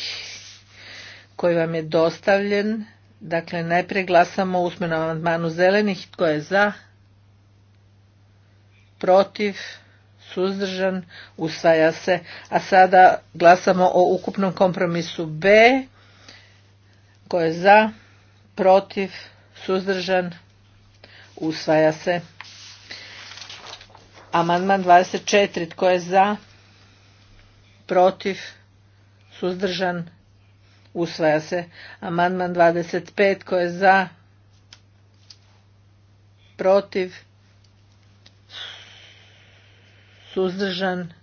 S3: koji vam je dostavljen. Dakle, najprije glasamo o amandmanu zelenih. Tko je za? Protiv? Suzdržan? Usvaja se. A sada glasamo o ukupnom kompromisu B. Ko je za? Protiv? Suzdržan? Usvaja se. Amandman 24. Tko je za? Protiv? Suzdržan? Usvaja se. Amandman 25. Tko je za? Protiv? Suzdržan?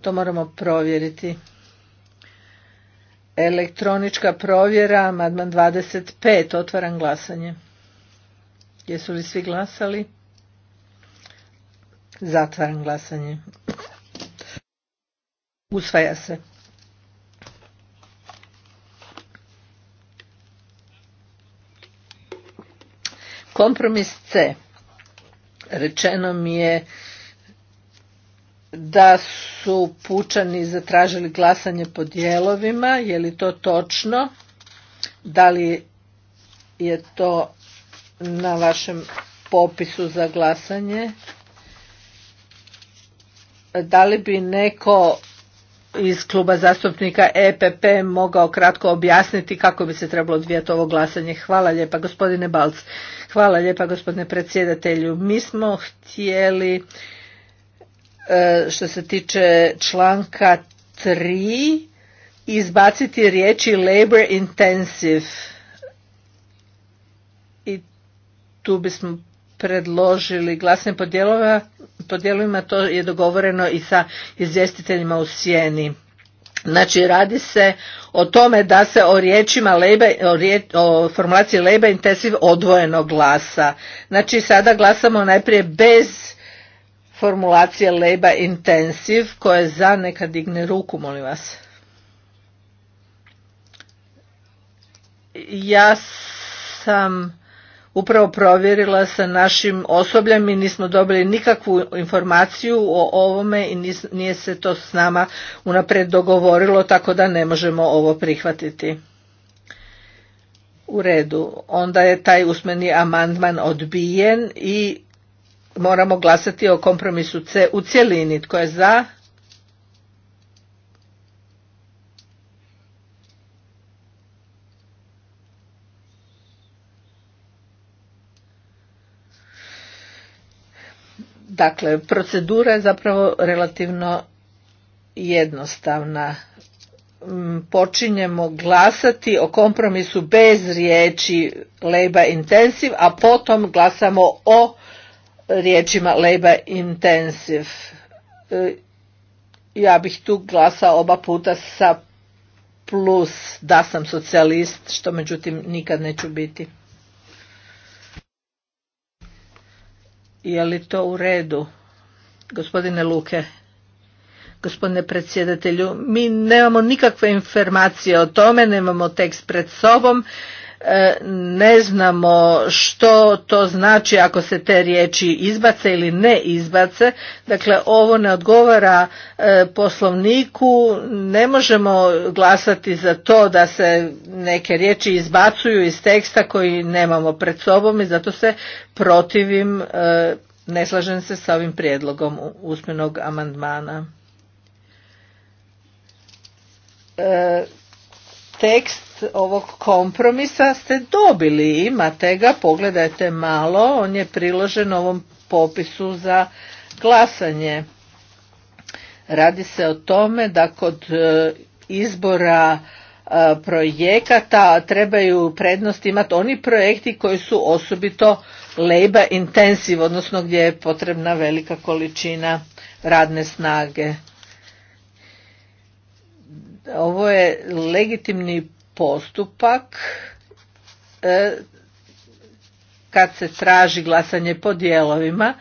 S3: To moramo provjeriti. Elektronička provjera, amandman 25, otvaram glasanje. Jesu li svi glasali? Zatvaram glasanje. Usvaja se. Kompromis C. Rečeno mi je da su su pučani zatražili glasanje po dijelovima, je li to točno? Da li je to na vašem popisu za glasanje? Da li bi neko iz kluba zastupnika EPP mogao kratko objasniti kako bi se trebalo odvijati ovo glasanje. Hvala lijepa gospodine Balc. Hvala lijepa gospodine predsjedatelju. Mi smo htjeli E, što se tiče članka 3 izbaciti riječi labor intensive i tu bismo predložili glasne po dijelovima, to je dogovoreno i sa izvjestiteljima u sjeni. Znači radi se o tome da se o riječima labor, o, o formulaciji labor intensive odvojeno glasa. Znači sada glasamo najprije bez formulacije leba intensiv koje za neka digne ruku, molim vas. Ja sam upravo provjerila sa našim osobljem i nismo dobili nikakvu informaciju o ovome i nije se to s nama unaprijed dogovorilo tako da ne možemo ovo prihvatiti. U redu. Onda je taj usmeni amandman odbijen i moramo glasati o kompromisu C u cjelini. Tko je za? Dakle, procedura je zapravo relativno jednostavna. Mm, počinjemo glasati o kompromisu bez riječi leba intensiv, a potom glasamo o riječima labor intensive. E, ja bih tu glasao oba puta sa plus da sam socijalist, što međutim nikad neću biti. Je li to u redu? Gospodine Luke, gospodine predsjedatelju, mi nemamo nikakve informacije o tome, nemamo tekst pred sobom, E, ne znamo što to znači ako se te riječi izbace ili ne izbace. Dakle, ovo ne odgovara e, poslovniku, ne možemo glasati za to da se neke riječi izbacuju iz teksta koji nemamo pred sobom i zato se protivim, e, ne slažem se sa ovim prijedlogom usmenog amandmana. Tekst ovog kompromisa ste dobili, imate ga, pogledajte malo, on je priložen ovom popisu za glasanje. Radi se o tome da kod e, izbora e, projekata trebaju prednost imati oni projekti koji su osobito labor intensive, odnosno gdje je potrebna velika količina radne snage. Ovo je legitimni postupak e, kad se traži glasanje po dijelovima.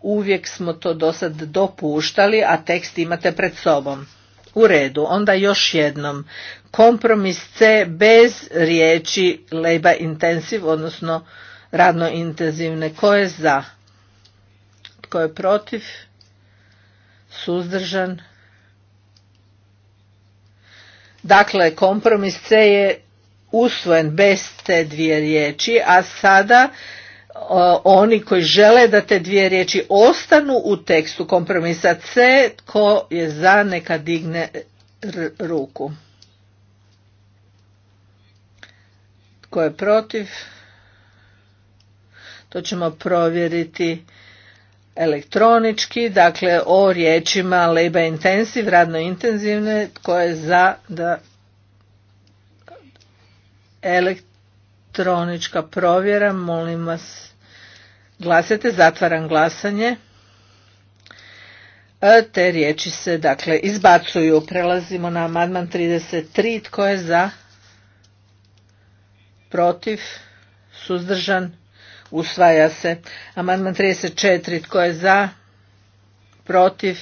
S3: Uvijek smo to do sad dopuštali, a tekst imate pred sobom. U redu, onda još jednom. Kompromis C bez riječi leba intensiv, odnosno radno intenzivne. Ko je za? Tko je protiv? Suzdržan? Dakle, kompromis C je usvojen bez te dvije riječi, a sada oni koji žele da te dvije riječi ostanu u tekstu kompromisa C, ko je za neka digne ruku. Tko je protiv? To ćemo provjeriti elektronički, dakle o riječima leba Intensiv, radno intenzivne, koje za da elektronička provjera, molim vas glasajte, zatvaram glasanje. E, te riječi se dakle izbacuju. Prelazimo na amandman 33. Tko je za? Protiv? Suzdržan? usvaja se. Amandman 34 tko je za, protiv,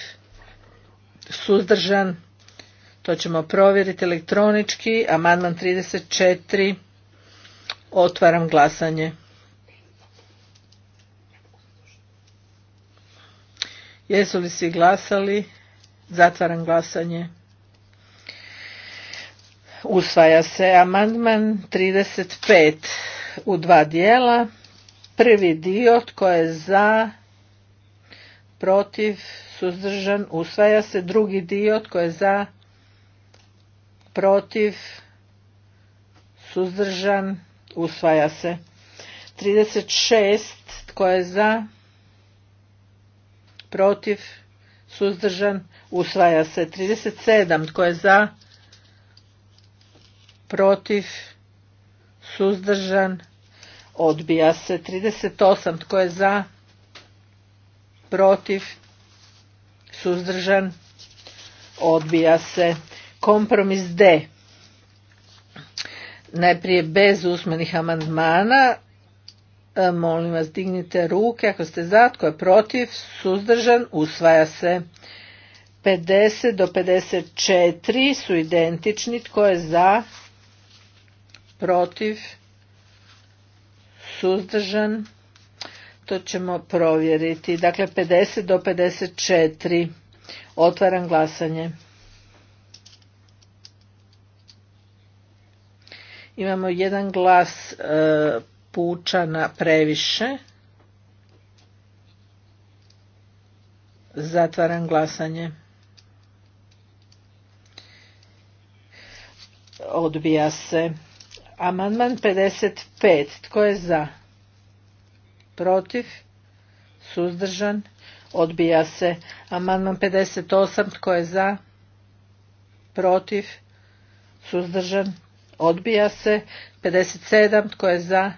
S3: suzdržan, to ćemo provjeriti elektronički. Amandman 34, otvaram glasanje. Jesu li svi glasali? Zatvaram glasanje. Usvaja se amandman 35 u dva dijela. Prvi dio tko je za, protiv, suzdržan, usvaja se. Drugi dio tko je za, protiv, suzdržan, usvaja se. 36 tko je za, protiv, suzdržan, usvaja se. 37 tko je za, protiv, suzdržan, odbija se 38 tko je za protiv suzdržan odbija se kompromis D najprije bez usmenih amandmana e, molim vas dignite ruke ako ste za tko je protiv suzdržan usvaja se 50 do 54 su identični tko je za protiv suzdržan? To ćemo provjeriti. Dakle, 50 do 54. Otvaram glasanje. Imamo jedan glas e, pučana previše. Zatvaram glasanje. Odbija se. Amandman 55. Tko je za? Protiv? Suzdržan? Odbija se. Amandman 58. Tko je za? Protiv? Suzdržan? Odbija se. 57. Tko je za?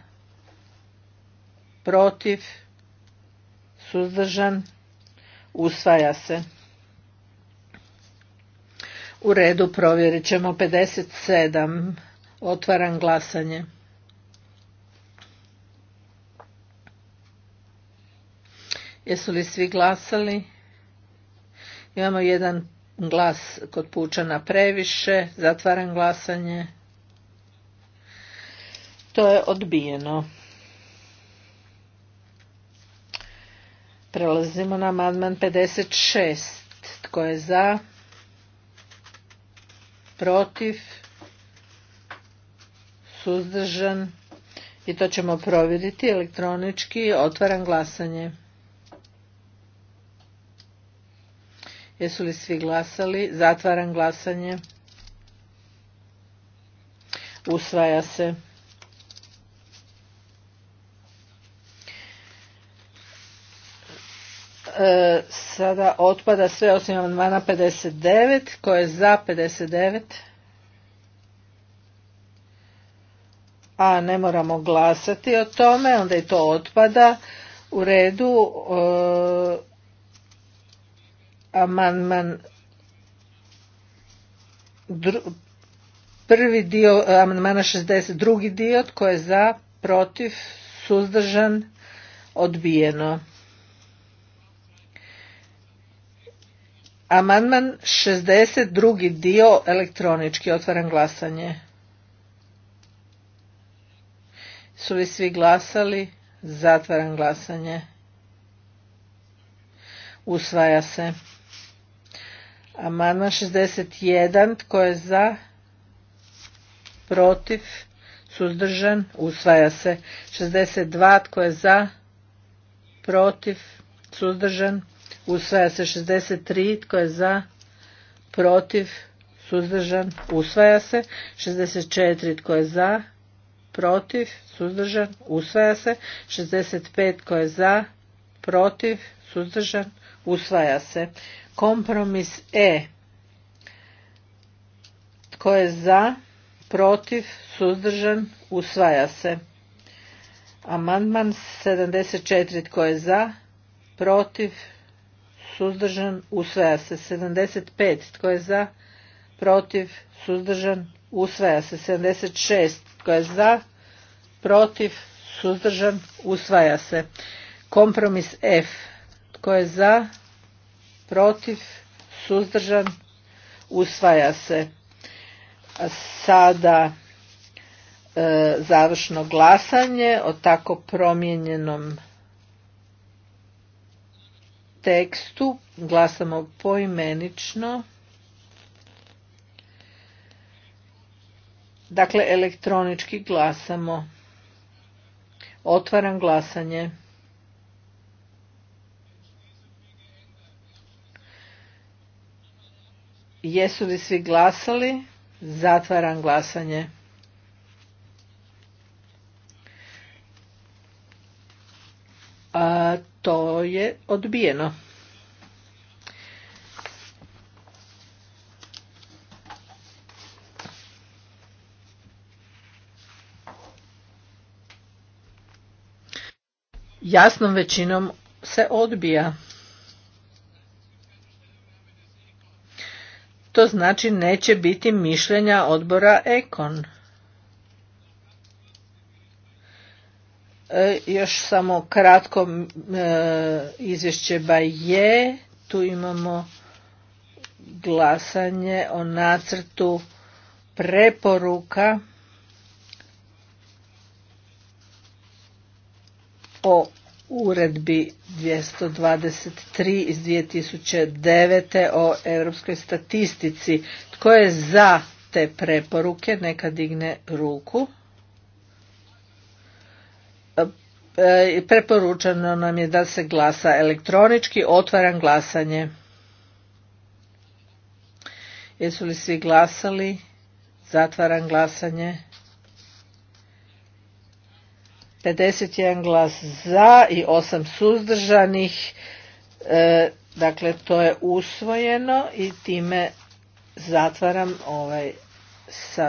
S3: Protiv? Suzdržan? Usvaja se. U redu provjerit ćemo 57. Otvaram glasanje. Jesu li svi glasali? Imamo jedan glas kod pučana previše. Zatvaram glasanje. To je odbijeno. Prelazimo na amandman 56. Tko je za? Protiv? suzdržan i to ćemo provjeriti elektronički. Otvaram glasanje. Jesu li svi glasali? Zatvaram glasanje. Usvaja se. E, sada otpada sve osim amandmana 59. Ko je za 59? a ne moramo glasati o tome, onda i to otpada. U redu, e, amandman prvi dio amandmana 60, drugi dio, tko je za, protiv, suzdržan, odbijeno. Amandman 62. dio elektronički. Otvaram glasanje. Su li svi glasali? Zatvaram glasanje. Usvaja se. Amandman 61. Tko je za? Protiv? Suzdržan? Usvaja se. 62. Tko je za? Protiv? Suzdržan? Usvaja se. 63. Tko je za? Protiv? Suzdržan? Usvaja se. 64. Tko je za? protiv, suzdržan, usvaja se. 65 tko je za, protiv, suzdržan, usvaja se. Kompromis E. Tko je za, protiv, suzdržan, usvaja se. Amandman 74 tko je za, protiv, suzdržan, usvaja se. 75 tko je za, protiv, suzdržan, usvaja se. 76 tko je za? Protiv? Suzdržan? Usvaja se. Kompromis F. Tko je za? Protiv? Suzdržan? Usvaja se. sada e, završno glasanje o tako promijenjenom tekstu. Glasamo poimenično. Dakle, elektronički glasamo. Otvaram glasanje. Jesu li svi glasali? Zatvaram glasanje. A to je odbijeno. jasnom većinom se odbija. To znači neće biti mišljenja odbora Ekon. E, još samo kratko e, izvješće ba je. Tu imamo glasanje o nacrtu preporuka o uredbi 223 iz 2009. o europskoj statistici. Tko je za te preporuke? Neka digne ruku. E, preporučeno nam je da se glasa elektronički. Otvaram glasanje. Jesu li svi glasali? Zatvaram glasanje. 51 glas za i 8 suzdržanih. E, dakle, to je usvojeno i time zatvaram ovaj
S4: sa